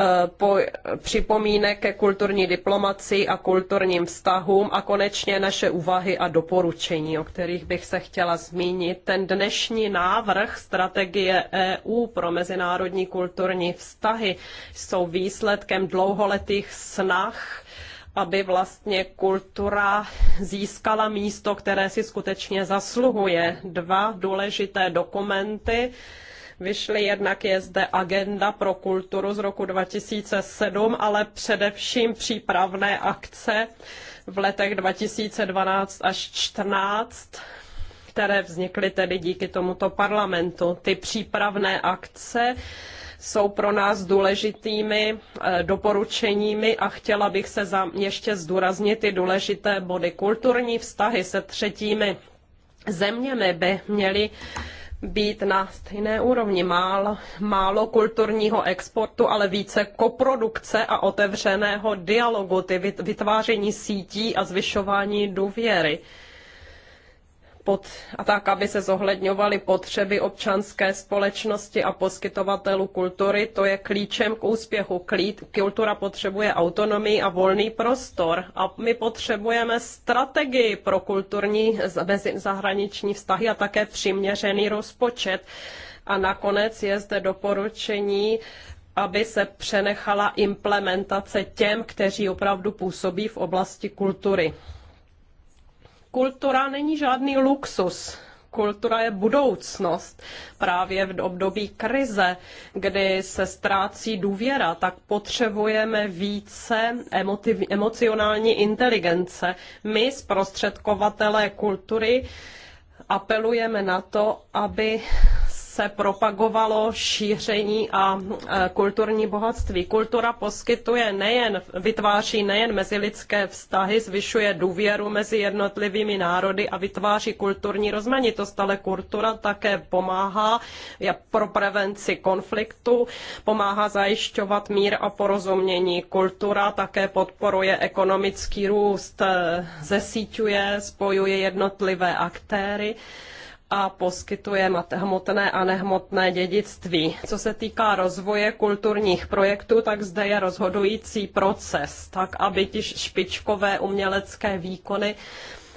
Eh, po, připomínek ke kulturní diplomacii a kulturním vztahům a konečně naše úvahy a doporučení, o kterých bych se chtěla zmínit. Ten dnešní návrh strategie EU pro mezinárodní kulturní vztahy jsou výsledkem dlouholetých snah aby vlastně kultura získala místo, které si skutečně zasluhuje. Dva důležité dokumenty vyšly. Jednak je zde agenda pro kulturu z roku 2007, ale především přípravné akce v letech 2012 až 2014, které vznikly tedy díky tomuto parlamentu. Ty přípravné akce jsou pro nás důležitými eh, doporučeními a chtěla bych se ještě zdůraznit ty důležité body. Kulturní vztahy se třetími zeměmi by měly být na stejné úrovni. Málo, málo kulturního exportu, ale více koprodukce a otevřeného dialogu, ty vytváření sítí a zvyšování důvěry pod, a tak, aby se zohledňovaly potřeby občanské společnosti a poskytovatelů kultury. To je klíčem k úspěchu. kultura potřebuje autonomii a volný prostor. A my potřebujeme strategii pro kulturní zahraniční vztahy a také přiměřený rozpočet. A nakonec je zde doporučení aby se přenechala implementace těm, kteří opravdu působí v oblasti kultury. Kultura není žádný luxus. Kultura je budoucnost. Právě v období krize, kdy se ztrácí důvěra, tak potřebujeme více emotiv, emocionální inteligence. My, zprostředkovatelé kultury, apelujeme na to, aby se propagovalo šíření a e, kulturní bohatství. Kultura poskytuje nejen, vytváří nejen mezilidské vztahy, zvyšuje důvěru mezi jednotlivými národy a vytváří kulturní rozmanitost, ale kultura také pomáhá pro prevenci konfliktu, pomáhá zajišťovat mír a porozumění. Kultura také podporuje ekonomický růst, e, zesíťuje, spojuje jednotlivé aktéry a poskytuje hmotné a nehmotné dědictví. Co se týká rozvoje kulturních projektů, tak zde je rozhodující proces, tak aby ti špičkové umělecké výkony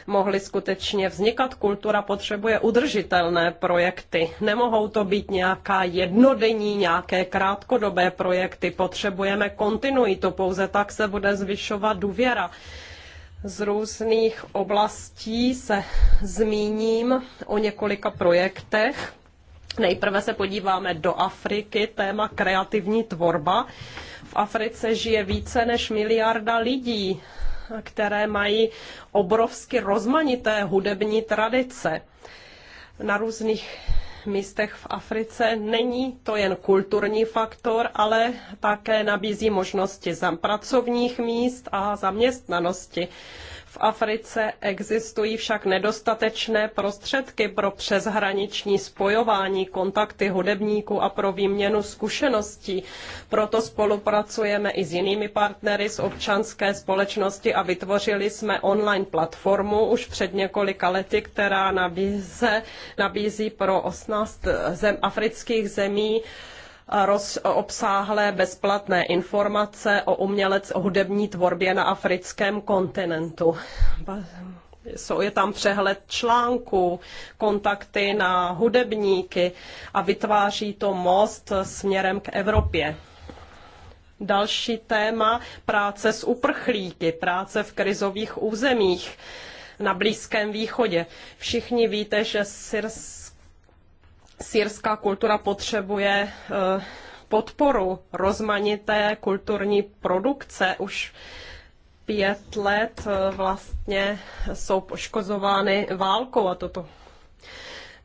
mohly skutečně vznikat. Kultura potřebuje udržitelné projekty. Nemohou to být nějaká jednodenní, nějaké krátkodobé projekty. Potřebujeme kontinuitu, pouze tak se bude zvyšovat důvěra z různých oblastí se zmíním o několika projektech. Nejprve se podíváme do Afriky, téma kreativní tvorba. V Africe žije více než miliarda lidí, které mají obrovsky rozmanité hudební tradice. Na různých místech v Africe není to jen kulturní faktor, ale také nabízí možnosti pracovních míst a zaměstnanosti. V Africe existují však nedostatečné prostředky pro přeshraniční spojování, kontakty hudebníků a pro výměnu zkušeností. Proto spolupracujeme i s jinými partnery z občanské společnosti a vytvořili jsme online platformu už před několika lety, která nabíze, nabízí pro 18 zem, afrických zemí roz, obsáhlé bezplatné informace o umělec o hudební tvorbě na africkém kontinentu. Je tam přehled článků, kontakty na hudebníky a vytváří to most směrem k Evropě. Další téma práce s uprchlíky, práce v krizových územích na Blízkém východě. Všichni víte, že Sirs sírská kultura potřebuje eh, podporu rozmanité kulturní produkce. Už pět let eh, vlastně jsou poškozovány válkou a toto.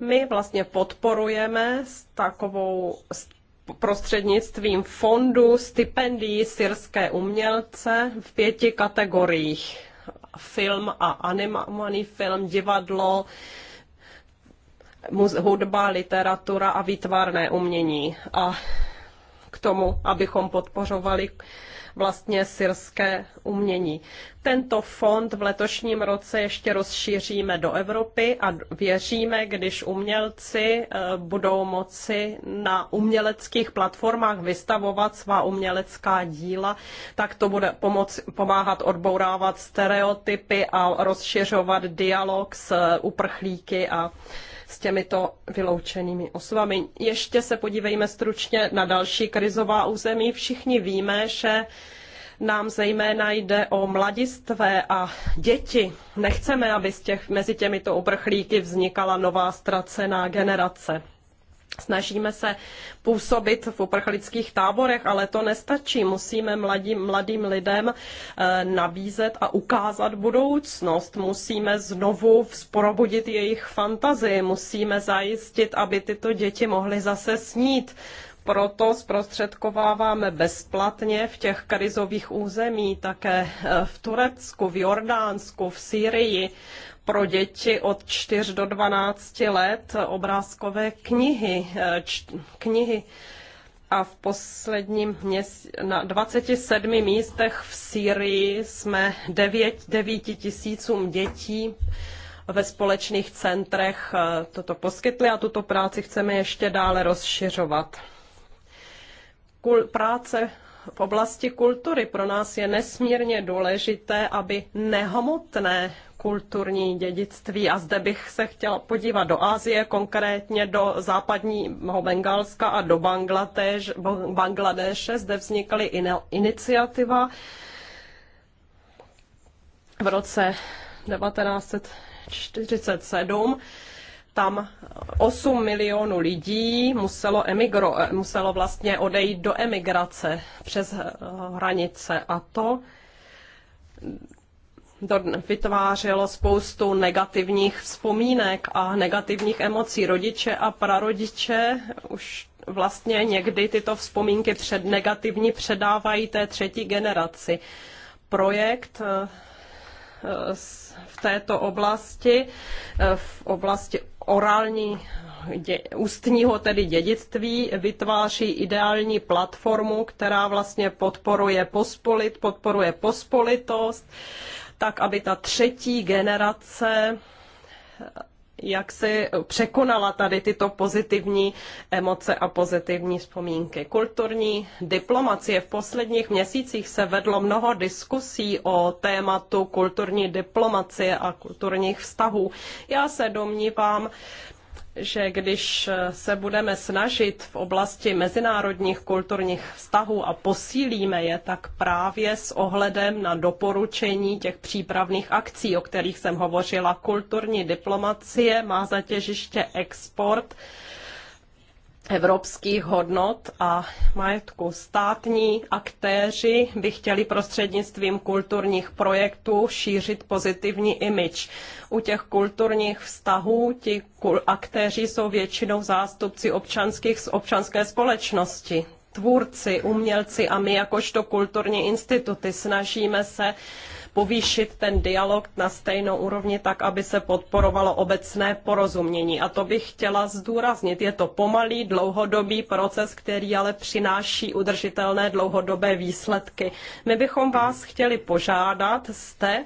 My vlastně podporujeme s takovou s prostřednictvím fondu stipendii syrské umělce v pěti kategoriích. Film a animovaný film, divadlo, hudba, literatura a výtvarné umění. A k tomu, abychom podpořovali vlastně syrské umění. Tento fond v letošním roce ještě rozšíříme do Evropy a věříme, když umělci eh, budou moci na uměleckých platformách vystavovat svá umělecká díla, tak to bude pomoci, pomáhat odbourávat stereotypy a rozšiřovat dialog s uprchlíky a s těmito vyloučenými osobami. Ještě se podívejme stručně na další krizová území. Všichni víme, že nám zejména jde o mladistvé a děti. Nechceme, aby z těch, mezi těmito uprchlíky vznikala nová ztracená generace. Snažíme se působit v uprchlických táborech, ale to nestačí. Musíme mladým, mladým lidem eh, nabízet a ukázat budoucnost. Musíme znovu probudit jejich fantazii. Musíme zajistit, aby tyto děti mohly zase snít proto zprostředkováváme bezplatně v těch krizových území, také eh, v Turecku, v Jordánsku, v Sýrii pro děti od 4 do 12 let eh, obrázkové knihy, eh, knihy a v posledním měs- na 27 místech v Sýrii jsme 9, 9 tisícům dětí ve společných centrech toto poskytli a tuto práci chceme ještě dále rozšiřovat kul- práce v oblasti kultury pro nás je nesmírně důležité, aby nehmotné kulturní dědictví, a zde bych se chtěla podívat do Asie, konkrétně do západního Bengalska a do Bangladéš, Bangladéše, zde vznikly iniciativa v roce 1947 tam 8 milionů lidí muselo, emigro, muselo vlastně odejít do emigrace přes eh, hranice a to vytvářelo spoustu negativních vzpomínek a negativních emocí. Rodiče a prarodiče už vlastně někdy tyto vzpomínky před negativní předávají té třetí generaci. Projekt eh, v této oblasti, eh, v oblasti orální dě, ústního tedy dědictví vytváří ideální platformu, která vlastně podporuje pospolit, podporuje pospolitost, tak aby ta třetí generace jak si překonala tady tyto pozitivní emoce a pozitivní vzpomínky. Kulturní diplomacie v posledních měsících se vedlo mnoho diskusí o tématu kulturní diplomacie a kulturních vztahů. Já se domnívám, že když se budeme snažit v oblasti mezinárodních kulturních vztahů a posílíme je, tak právě s ohledem na doporučení těch přípravných akcí, o kterých jsem hovořila, kulturní diplomacie má zatěžiště export evropských hodnot a majetku. Státní aktéři by chtěli prostřednictvím kulturních projektů šířit pozitivní image. U těch kulturních vztahů ti aktéři jsou většinou zástupci občanských občanské společnosti. Tvůrci, umělci a my jakožto kulturní instituty snažíme se povýšit ten dialog na stejnou úrovni tak, aby se podporovalo obecné porozumění. A to bych chtěla zdůraznit. Je to pomalý, dlouhodobý proces, který ale přináší udržitelné dlouhodobé výsledky. My bychom vás chtěli požádat, jste,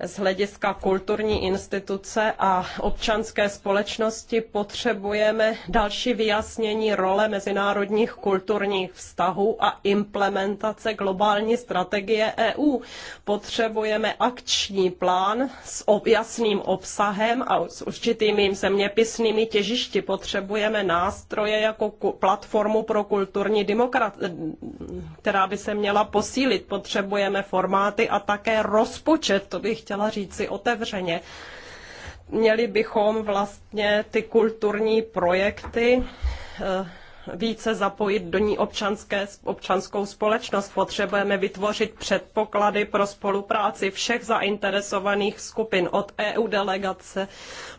z hlediska kulturní instituce a občanské společnosti potřebujeme další vyjasnění role mezinárodních kulturních vztahů a implementace globální strategie EU. Potřebujeme akční plán s jasným obsahem a s určitými zeměpisnými těžišti. Potřebujeme nástroje jako platformu pro kulturní demokracii, která by se měla posílit. Potřebujeme formáty a také rozpočet. To bych chtěla říci otevřeně. Měli bychom vlastně ty kulturní projekty eh, více zapojit do ní občanské, občanskou společnost. Potřebujeme vytvořit předpoklady pro spolupráci všech zainteresovaných skupin od EU delegace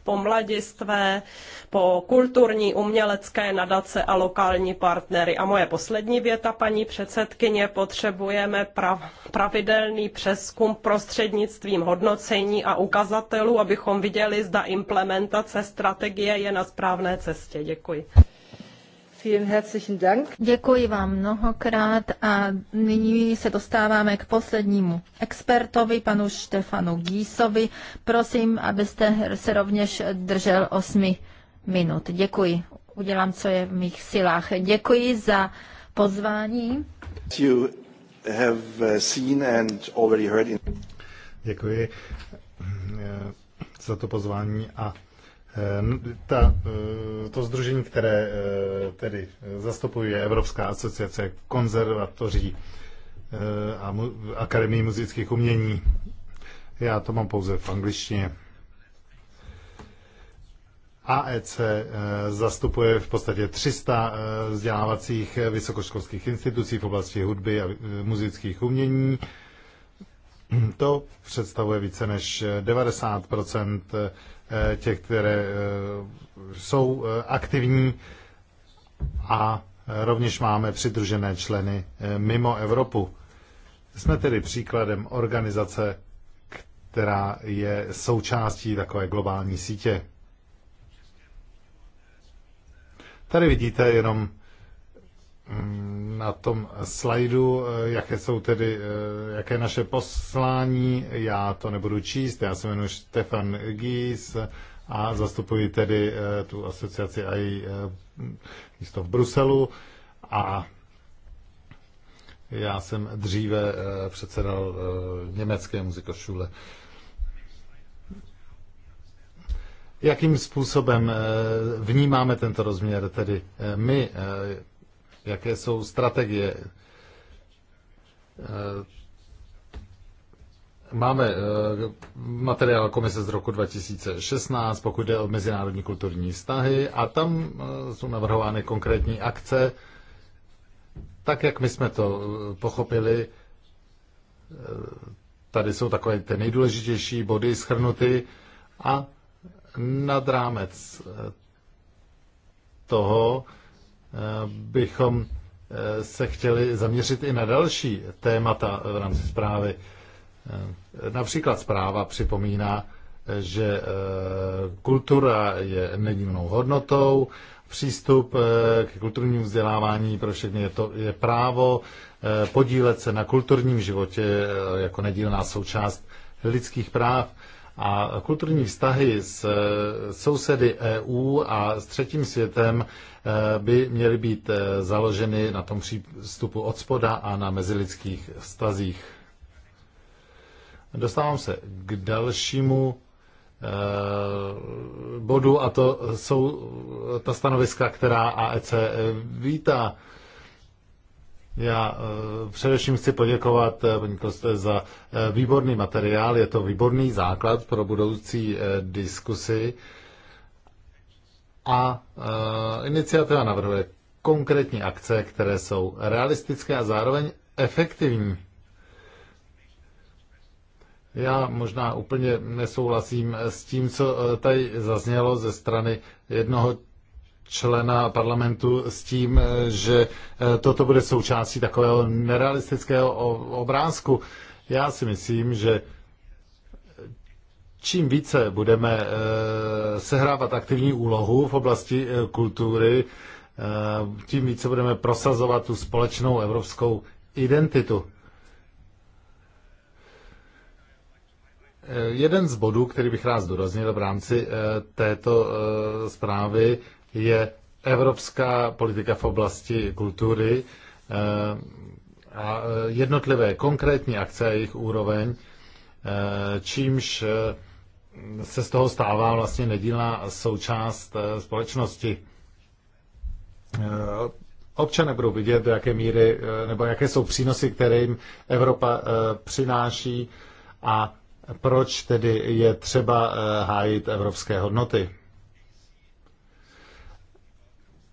po mladistvé, po kulturní, umělecké nadace a lokální partnery. A moje poslední věta, paní předsedkyně, potřebujeme prav, pravidelný přeskum prostřednictvím hodnocení a ukazatelů, abychom viděli, zda implementace strategie je na správné cestě. Děkuji. Děkuji vám mnohokrát a nyní se dostáváme k poslednímu expertovi, panu Štefanu Gísovi. Prosím, abyste se rovněž držel osmi minut. Děkuji. Udělám, co je v mých silách. Děkuji za pozvání. Uh, Děkuji eh, za to pozvání a Ehm, ta, eh, to združení, které eh, tedy zastupuje Evropská asociace konzervatoří eh, a Akademii muzických umění. Já to mám pouze v angličtině. AEC zastupuje v podstatě 300 vzdělávacích vysokoškolských institucí v oblasti hudby a muzických umění. To představuje více než 90 Eh, těch, které eh, jsou eh, aktivní a rovněž máme přidružené členy mimo Evropu. Jsme tedy příkladem organizace, která je součástí takové globální sítě. Tady vidíte jenom na tom slajdu, eh, jaké jsou tedy, eh, jaké naše poslání. Já to nebudu číst, já se jmenuji Stefan Gies a zastupuji tedy eh, tu asociaci a její místo v Bruselu a já jsem dříve předsedal německé muzikošule. Jakým způsobem vnímáme tento rozměr? Tedy my jaké jsou strategie. Eh, máme eh, materiál komise z roku 2016, pokud jde o mezinárodní kulturní vztahy, a tam eh, jsou navrhovány konkrétní akce. Tak, jak my jsme to pochopili, tady jsou takové ty nejdůležitější body schrnuty a nad rámec toho bychom eh, se chtěli zaměřit i na další témata v rámci zprávy. Eh, například zpráva připomíná, že eh, kultura je nedílnou hodnotou, přístup k kulturnímu vzdělávání pro všechny je, to, je právo podílet se na kulturním životě jako nedílná součást lidských práv a kulturní vztahy s sousedy EU a s třetím světem Eh, by měly být eh, založeny na tom přístupu od spoda a na mezilidských vztazích. Dostávám se k dalšímu eh, bodu a to jsou ta stanoviska, která AEC vítá. Já především chci poděkovat paní Koste za výborný materiál. Je to výborný základ pro budoucí diskusy. A e, iniciativa navrhuje konkrétní akce, které jsou realistické a zároveň efektivní. Já možná úplně nesouhlasím s tím, co eh, tady zaznělo ze strany jednoho člena parlamentu s tím, eh, že toto bude součástí takového nerealistického obrázku. Já si myslím, že čím více budeme eh, sehrávat aktivní úlohu v oblasti eh, kultury, eh, tím více budeme prosazovat tu společnou evropskou identitu. Jeden z bodů, který bych rád zdůraznil v rámci této zprávy, je evropská politika v oblasti kultury a jednotlivé konkrétní akce a jejich úroveň, čímž se z toho stává vlastně nedílná součást eh, společnosti. Eh, občané budou vidět, do jaké míry eh, nebo jaké jsou přínosy, které jim Evropa přináší a proč tedy je třeba hájit evropské hodnoty.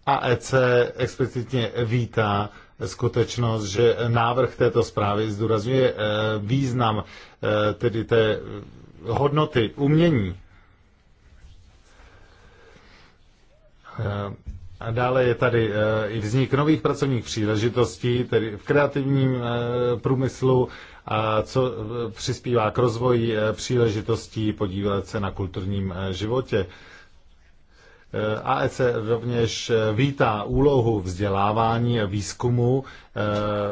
A EC explicitně vítá skutečnost, že návrh této zprávy zdůrazňuje význam tedy té hodnoty, umění. Eh, a dále je tady eh, i vznik nových pracovních příležitostí, tedy v kreativním eh, průmyslu, a co přispívá k rozvoji příležitostí podívat se na kulturním životě. AEC rovněž vítá úlohu vzdělávání výzkumu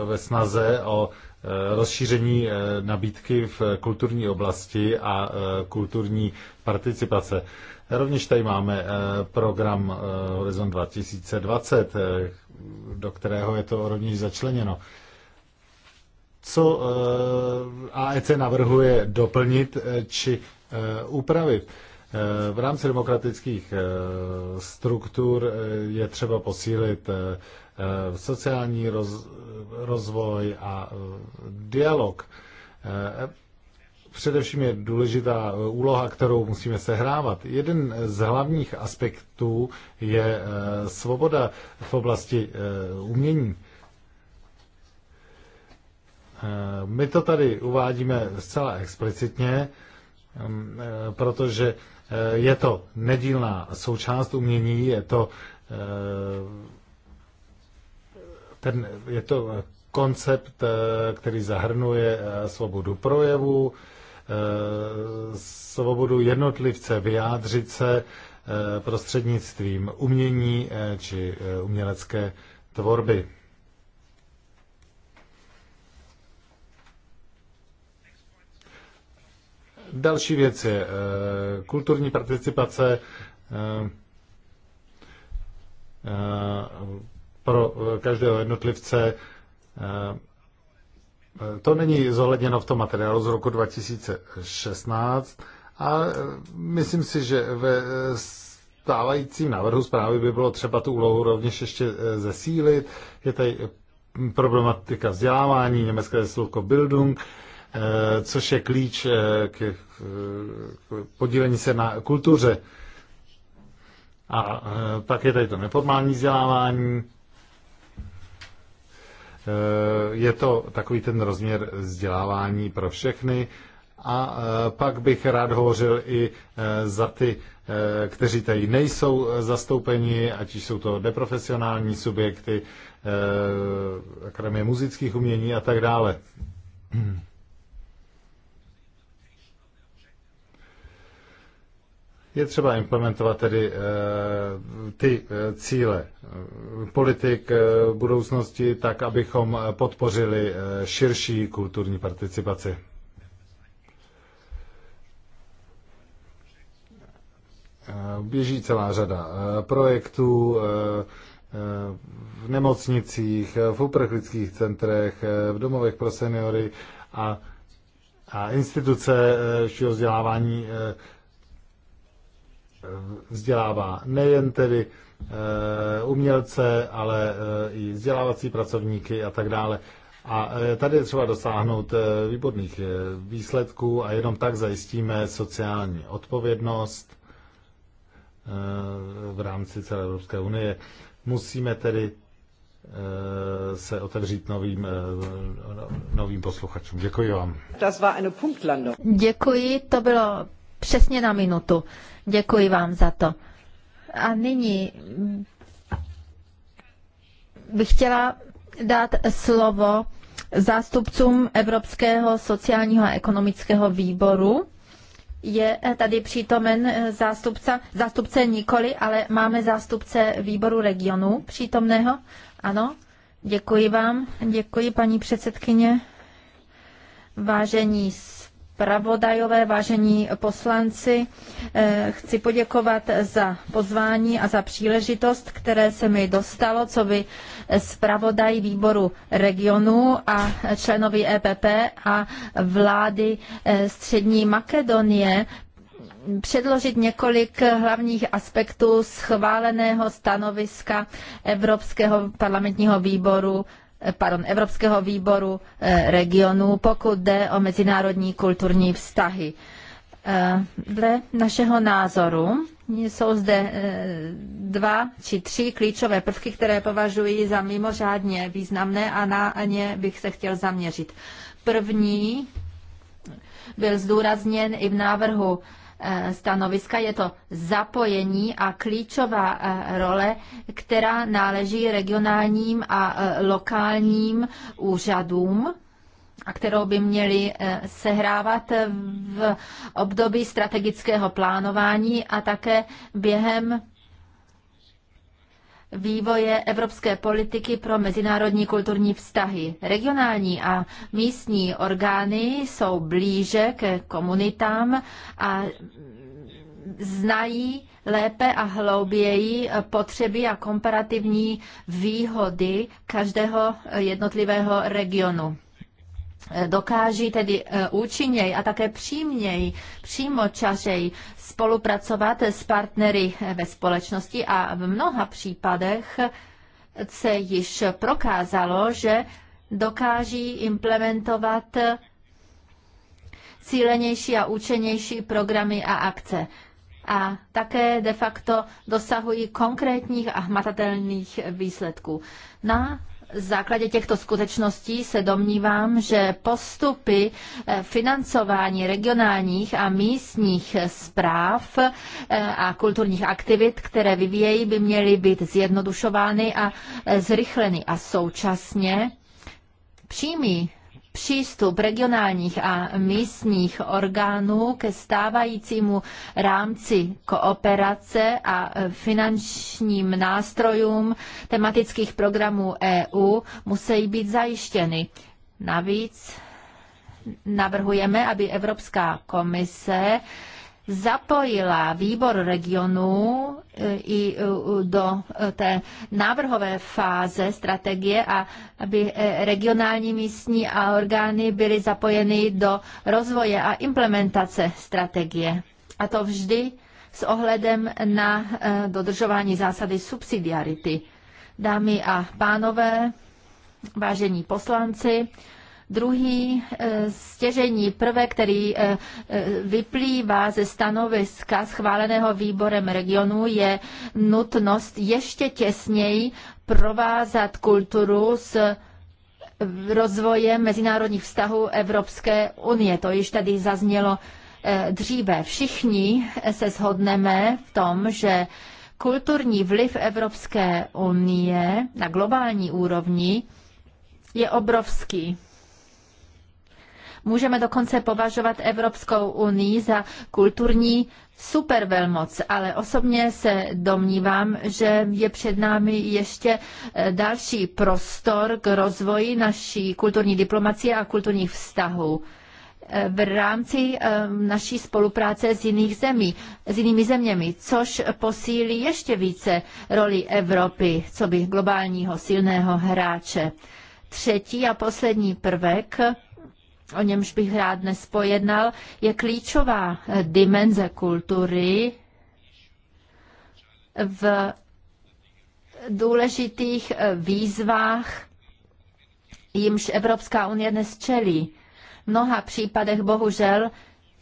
ve snaze o Eh, rozšíření eh, nabídky v kulturní oblasti a eh, kulturní participace. Rovněž tady máme program Horizon 2020, do kterého je to rovněž začleněno. Co AEC navrhuje doplnit či upravit? V rámci demokratických struktur je třeba posílit sociální roz, rozvoj a e, dialog. E, především je důležitá e, úloha, kterou musíme sehrávat. Jeden z hlavních aspektů je svoboda v oblasti umění. My to tady uvádíme zcela explicitně, mm, protože je to nedílná součást umění, je to ten, je to eh, koncept, eh, který zahrnuje eh, svobodu projevu, svobodu jednotlivce vyjádřit se prostřednictvím umění či umělecké tvorby. Další věc je kulturní participace pro eh, každého jednotlivce. Eh, eh, to není zohledněno v tom materiálu z roku 2016 a myslím si, že ve stávajícím návrhu zprávy by bylo třeba tu úlohu rovněž ještě zesílit. Je tady problematika vzdělávání, německé slovo Bildung, což je klíč k podílení se na kultuře. A pak je tady to neformální vzdělávání, Eh, je to takový ten rozměr vzdělávání pro všechny. A eh, pak bych rád hovořil i eh, za ty, kteří tady nejsou zastoupeni, ať jsou to neprofesionální subjekty, akademie muzických umění a tak dále. Je třeba implementovat tedy eh, ty eh, cíle eh, politik budoucnosti tak, abychom podpořili širší kulturní participaci. Běží celá řada projektů v nemocnicích, v uprchlických centrech, v domovech pro seniory a, a instituce všeho vzdělávání vzdělává nejen tedy eh, umělce, ale eh, i vzdělávací pracovníky a tak dále. A eh, tady je třeba dosáhnout výborných výsledků a jenom tak zajistíme sociální odpovědnost v rámci celé Evropské unie. Musíme tedy se otevřít novým, novým posluchačům. Děkuji vám. Děkuji, to bylo přesně na minutu. Děkuji vám za to. A nyní bych chtěla dát slovo zástupcům Evropského sociálního a ekonomického výboru. Je tady přítomen zástupce, zástupce nikoli, ale máme zástupce výboru regionu přítomného. Ano, děkuji vám, děkuji paní předsedkyně. Vážení zpravodajové, vážení poslanci, eh, chci poděkovat za pozvání a za příležitost, které se mi dostalo, co by eh, zpravodaj výboru regionu a členovi EPP a vlády eh, Střední Makedonie předložit několik hlavních aspektů schváleného stanoviska Evropského parlamentního výboru Eh, pardon, Evropského výboru eh, regionu, pokud jde o mezinárodní kulturní vztahy. Eh, dle našeho názoru jsou zde dva či tři klíčové prvky, které považuji za mimořádně významné a na ně bych se chtěl zaměřit. První byl zdůrazněn i v návrhu Eh, stanoviska. Je to zapojení a klíčová eh, role, která náleží regionálním a eh, lokálním úřadům a kterou by měli sehrávat v období strategického plánování a také během vývoje evropské politiky pro mezinárodní kulturní vztahy. Regionální a místní orgány jsou blíže ke komunitám a znají lépe a hlouběji potřeby a komparativní výhody každého jednotlivého regionu dokáží tedy e, účinněji a také přímněji, přímo čařej spolupracovat s partnery ve společnosti a v mnoha případech se již prokázalo, že dokáží implementovat cílenější a účenější programy a akce. A také de facto dosahují konkrétních a hmatatelných výsledků. Na základě těchto skutečností se domnívám, že postupy eh, financování regionálních a místních zpráv eh, a kulturních aktivit, které vyvíjejí, by měly být zjednodušovány a eh, zrychleny. A současně přímý přístup regionálních a místních orgánů ke stávajícímu rámci kooperace a finančním nástrojům tematických programů EU musí být zajištěny. Navíc navrhujeme, aby Evropská komise zapojila výbor regionů eh, i eh, do eh, té návrhové fáze strategie a aby regionální místní a orgány byly zapojeny do rozvoje a implementace strategie. A to vždy s ohledem na dodržování zásady subsidiarity. Dámy a pánové, vážení poslanci, Druhý eh, stěžení prvek, který eh, eh, vyplývá ze stanoviska schváleného výborem regionu, je nutnost ještě těsněji provázat kulturu s rozvojem mezinárodních vztahů Evropské unie. To již tady zaznělo dříve. Všichni se shodneme v tom, že kulturní vliv Evropské unie na globální úrovni je obrovský. Můžeme dokonce považovat Evropskou unii za kulturní supervelmoc, ale osobně se domnívám, že je před námi ještě eh, další prostor k rozvoji naší kulturní diplomacie a kulturních vztahů eh, v rámci eh, naší spolupráce s, jiných zemí, s jinými zeměmi, což posílí ještě více roli Evropy, co by globálního silného hráče. Třetí a poslední prvek o němž bych rád dnes pojednal, je klíčová eh, dimenze kultury v důležitých eh, výzvách, jimž Evropská unie dnes čelí. V mnoha případech bohužel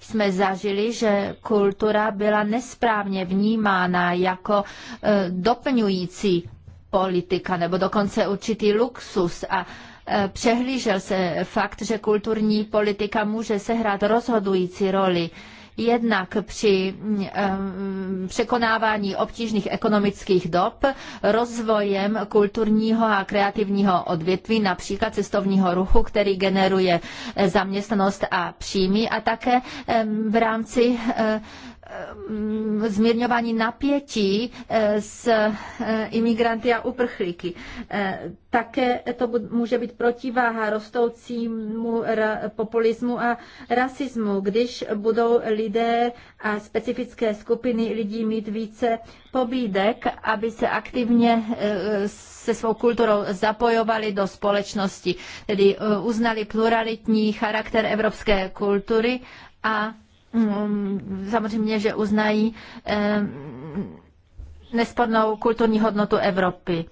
jsme zažili, že kultura byla nesprávně vnímána jako eh, doplňující politika nebo dokonce určitý luxus a Eh, přehlížel se fakt, že kulturní politika může sehrát rozhodující roli jednak při mm, eh, překonávání obtížných ekonomických dob rozvojem kulturního a kreativního odvětví, například cestovního ruchu, který generuje eh, zaměstnanost a příjmy a také v rámci Eh, zmírňování napětí eh, s eh, imigranty a uprchlíky. Také to může být protiváha rostoucímu populismu a rasismu, když budou lidé a specifické skupiny lidí mít více pobídek, aby se aktivně se svou kulturou zapojovali do společnosti, tedy uznali pluralitní charakter evropské kultury a Mm, samozřejmě, že uznají eh, nespornou kulturní hodnotu Evropy.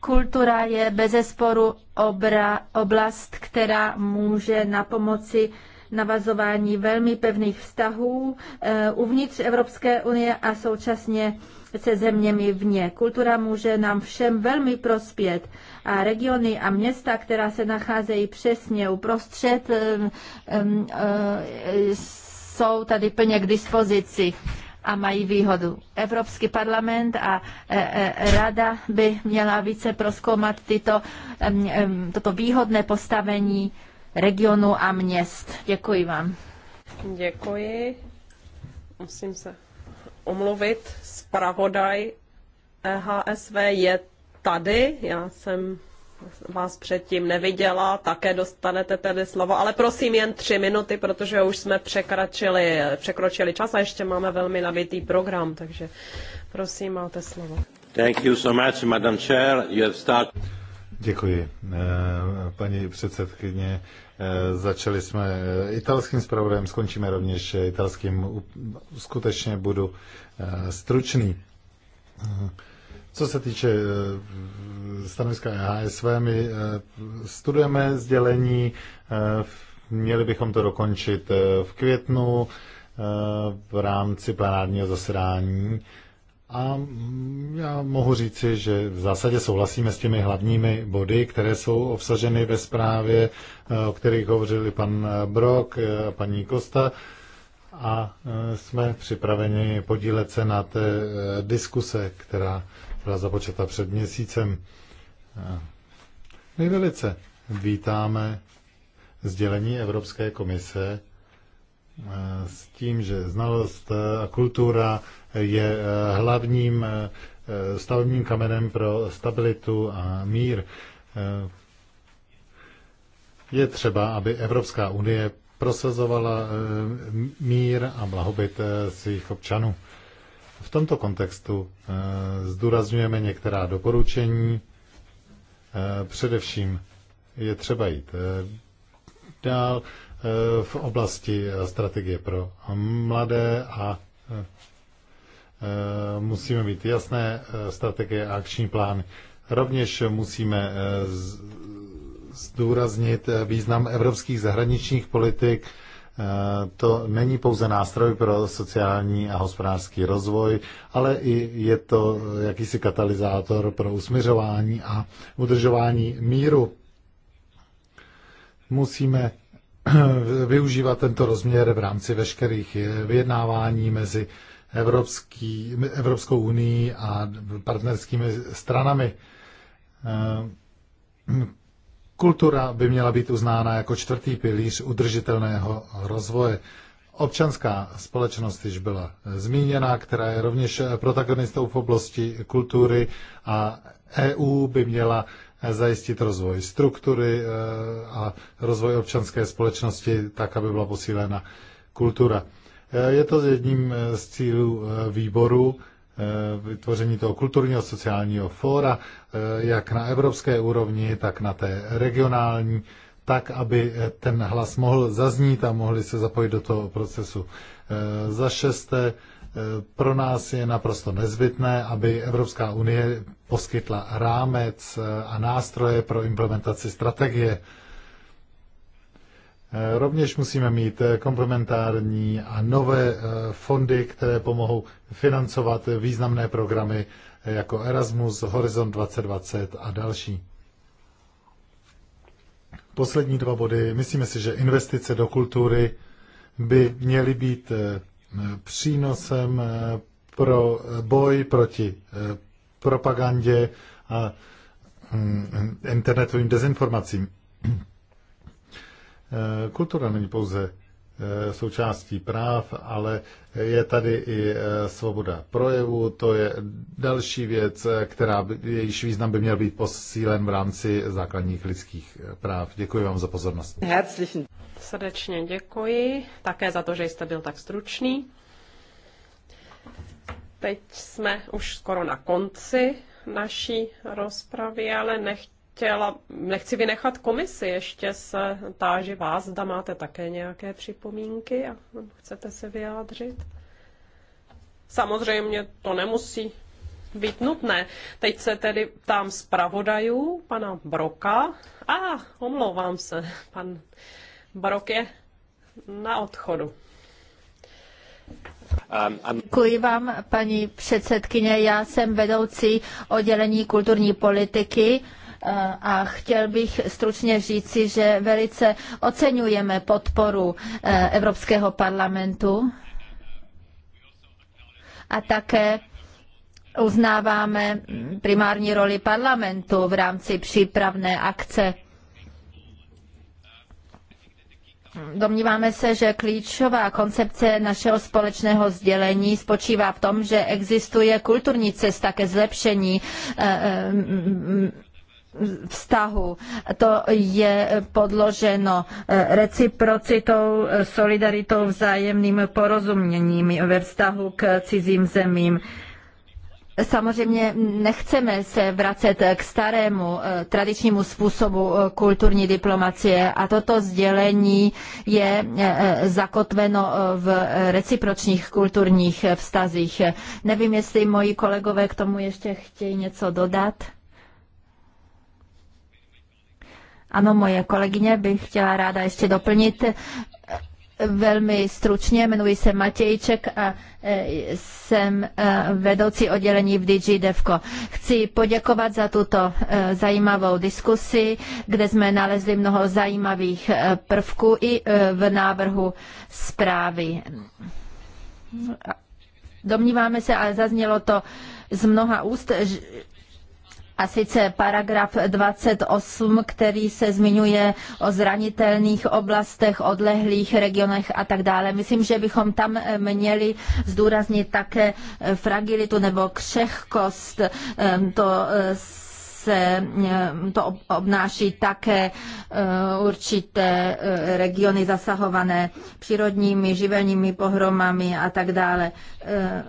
Kultura je bezesporu obra, oblast, která může na pomoci navazování velmi pevných vztahů eh, uvnitř Evropské unie a současně se zeměmi vně. Kultura může nám všem velmi prospět a regiony a města, která se nacházejí přesně uprostřed, eh, jsou tady plně k dispozici a mají výhodu. Evropský parlament a e, e, rada by měla více proskoumat tyto, toto výhodné postavení regionu a měst. Děkuji vám. Děkuji. Musím se omluvit. Spravodaj EHSV je tady. Já jsem vás předtím neviděla, také dostanete tedy slovo, ale prosím jen tři minuty, protože už jsme překračili, překročili čas a ještě máme velmi nabitý program, takže prosím, máte slovo. Thank you so much, Madam Chair. You have start... Děkuji. Eh, paní předsedkyně, eh, začali jsme eh, italským zpravodajem, skončíme rovněž italským. Skutečně budu stručný. Co se týče eh, stanoviska e HSV, my eh, studujeme sdělení, eh, měli bychom to dokončit v květnu v rámci plenárního zasedání. A mm, já mohu říci, že v zásadě souhlasíme s těmi hlavními body, které jsou obsaženy ve zprávě, o kterých hovořili pan Brok a paní Kosta a e, jsme připraveni podílet se na té e, diskuse, která byla započata před měsícem. E, my velice vítáme sdělení Evropské komise s tím, že znalost a kultura je hlavním stavebním kamenem pro stabilitu a mír. Je třeba, aby Evropská unie prosazovala eh, mír a blahobyt eh, svých občanů. V tomto kontextu eh, zdůrazňujeme některá doporučení. Především je třeba jít dál v oblasti strategie pro mladé a musíme mít jasné strategie a akční plány. Rovněž musíme zdůraznit eh, význam evropských zahraničních politik. Eh, to není pouze nástroj pro sociální a hospodářský rozvoj, ale i je to jakýsi katalyzátor pro usměřování a udržování míru. Musíme využívat tento rozměr v rámci veškerých vyjednávání mezi Evropský, Evropskou unii a partnerskými stranami. Eh, Kultura by měla být uznána jako čtvrtý pilíř udržitelného rozvoje. Občanská společnost již byla zmíněna, která je rovněž protagonistou v oblasti kultury a EU by měla zajistit rozvoj struktury eh, a rozvoj občanské společnosti tak, aby byla posílena kultura. Eh, je to jedním eh, z cílů výboru Eh, vytvoření toho kulturního sociálního fóra, eh, jak na evropské úrovni, tak na té regionální, tak, aby eh, ten hlas mohl zaznít a mohli se zapojit do toho procesu. Za šesté, pro nás je naprosto nezbytné, aby Evropská unie poskytla rámec a nástroje pro implementaci strategie Eh, rovněž musíme mít eh, komplementární a nové eh, fondy, které pomohou financovat významné programy jako Erasmus, Horizon 2020 a další. Poslední dva body. Myslíme si, že investice do kultury by měly být přínosem pro boj proti propagandě a hm, internetovým dezinformacím. Eh, kultura není pouze eh, součástí práv, ale je tady i eh, svoboda projevu, to je další věc, která jejíž význam by měl být posílen v rámci základních lidských práv. Děkuji vám za pozornost. Herzlichen. Srdečně děkuji, také za to, že jste byl tak stručný. Teď jsme už skoro na konci naší rozpravy, ale nechtěl chtěla, nechci vynechat komisi, ještě se táži vás, zda máte také nějaké připomínky a chcete se vyjádřit. Samozřejmě to nemusí být nutné. Teď se tedy ptám zpravodajů, pana Broka. A, ah, omlouvám se, pan Brok je na odchodu. Um, Děkuji vám, paní předsedkyně. Já jsem vedoucí oddělení kulturní politiky Eh, a chtěl bych stručně říci, že velice oceňujeme podporu eh, Evropského parlamentu a také uznáváme primární roli parlamentu v rámci přípravné akce. Domníváme se, že klíčová koncepce našeho společného sdělení spočívá v tom, že existuje kulturní cesta ke zlepšení eh, vztahu. To je podloženo eh, reciprocitou, eh, solidaritou, vzájemným porozuměním ve vztahu k cizím zemím. Samozřejmě nechceme se vracet k starému eh, tradičnímu způsobu kulturní diplomacie a toto sdělení je zakotveno v recipročních kulturních vztazích. Nevím, jestli moji kolegové k tomu ještě chtějí něco dodat. Ano, moje kolegyně bych chtěla ráda ještě doplnit eh, velmi stručně. Jmenuji se Matějček a eh, jsem eh, vedoucí oddělení v DG Devco. Chci poděkovat za tuto zajímavou diskusi, kde jsme nalezli mnoho zajímavých prvků i v návrhu zprávy. Domníváme se, ale zaznělo to z mnoha úst, a sice paragraf 28, který se zmiňuje o zranitelných oblastech, odlehlých regionech a tak dále. Myslím, že bychom tam eh, měli zdůraznit také eh, fragilitu nebo křehkost. Ehm, to eh, se ehm, to obnáší také určité regiony zasahované přírodními, živelními pohromami a tak dále. Ehm,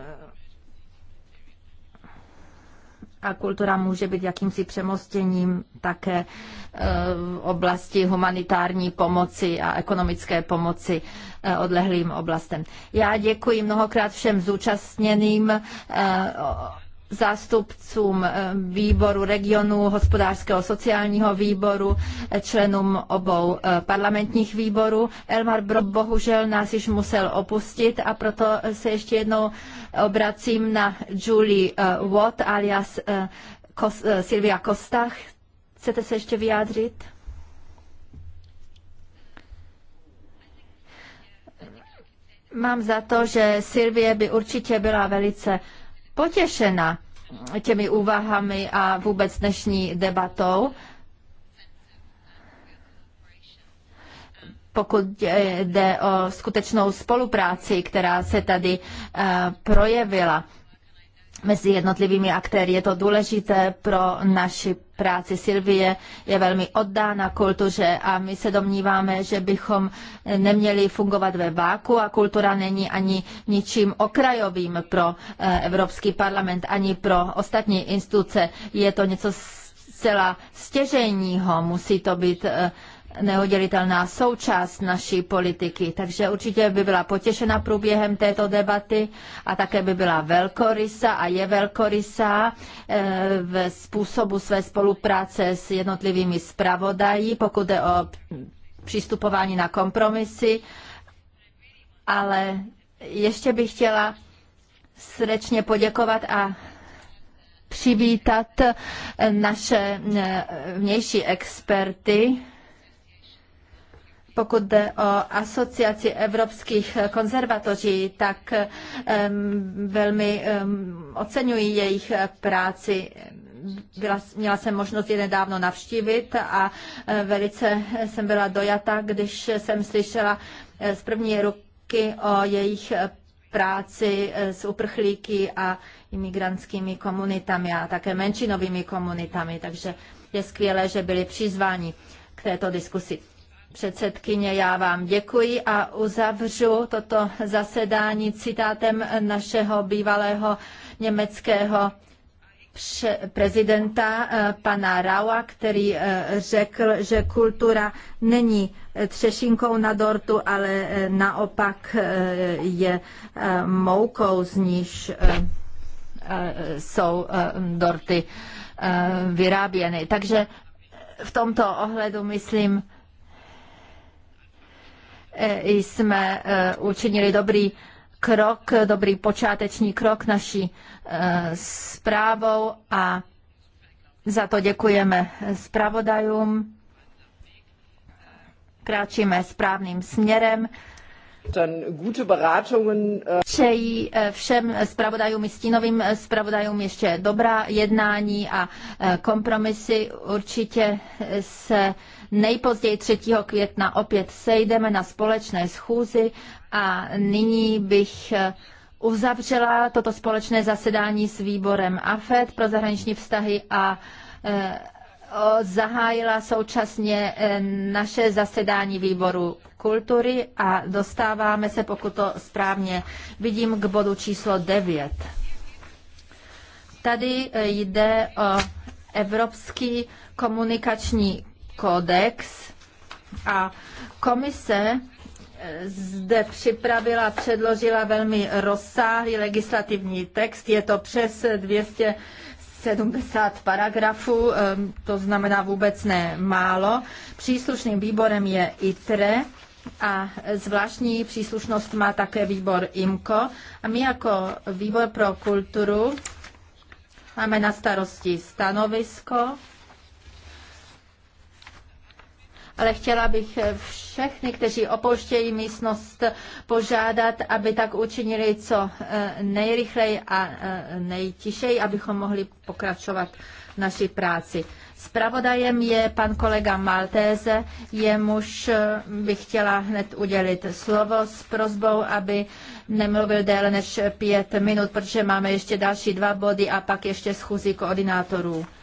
A kultura může být jakýmsi přemostěním také eh, v oblasti humanitární pomoci a ekonomické pomoci eh, odlehlým oblastem. Já děkuji mnohokrát všem zúčastněným eh, zástupcům eh, výboru regionu, hospodářského sociálního výboru, eh, členům obou eh, parlamentních výborů. Elmar Bro bohužel nás již musel opustit a proto se ještě jednou obracím na Julie Watt alias Silvia Costa. Chcete se ještě vyjádřit? Mám za to, že Silvie by určitě byla velice potěšena těmi úvahami a vůbec dnešní debatou. pokud jde o skutečnou spolupráci, která se tady eh, projevila mezi jednotlivými aktéry. Je to důležité pro naši práci. Silvie je velmi oddána kultuře a my se domníváme, že bychom neměli fungovat ve váku a kultura není ani ničím okrajovým pro eh, Evropský parlament, ani pro ostatní instituce. Je to něco zcela stěžejního, musí to být eh, neodělitelná součást naší politiky. Takže určitě by byla potěšena průběhem této debaty a také by byla velkorysa a je velkorysá eh, v způsobu své spolupráce s jednotlivými zpravodají, pokud jde o přistupování na kompromisy. Ale ještě bych chtěla srdečně poděkovat a přivítat naše eh, vnější experty, pokud jde o asociaci evropských konzervatoří, tak velmi oceňuji jejich práci byla, měla jsem možnost je nedávno navštívit a e, velice jsem byla dojata, když jsem slyšela e, z první ruky o jejich práci e, s uprchlíky a imigrantskými komunitami a také menšinovými komunitami, takže je skvělé, že byli přizváni k této diskusi předsedkyně, já vám děkuji a uzavřu toto zasedání citátem našeho bývalého německého prezidenta eh, pana Raua, který eh, řekl, že kultura není eh, třešinkou na dortu, ale naopak je moukou, z níž jsou dorty vyráběny. Takže v tomto ohledu myslím, E, jsme e, učinili dobrý krok, dobrý počáteční krok naší e, zprávou a za to děkujeme zpravodajům. Kráčíme správným směrem. Äh, Přeji všem zpravodajům i stínovým zpravodajům ještě dobrá jednání a kompromisy. Určitě se nejpozději 3. května opět sejdeme na společné schůzi a nyní bych eh, uzavřela toto společné zasedání s výborem AFED pro zahraniční vztahy a eh, zahájila současně eh, naše zasedání výboru kultury a dostáváme se, pokud to správně vidím, k bodu číslo 9. Tady jde o Evropský komunikační kodex a komise eh, zde připravila, předložila velmi rozsáhlý legislativní text. Je to přes 270 paragrafů, eh, to znamená vůbec ne málo. Příslušným výborem je ITRE a zvláštní příslušnost má také výbor IMCO. A my jako výbor pro kulturu máme na starosti stanovisko ale chtěla bych všechny, kteří opouštějí místnost, požádat, aby tak učinili co eh, nejrychleji a eh, nejtišeji, abychom mohli pokračovat naší práci. Spravodajem je pan kolega Maltéze, jemuž eh, bych chtěla hned udělit slovo s prozbou, aby nemluvil déle než pět minut, protože máme ještě další dva body a pak ještě schůzi koordinátorů.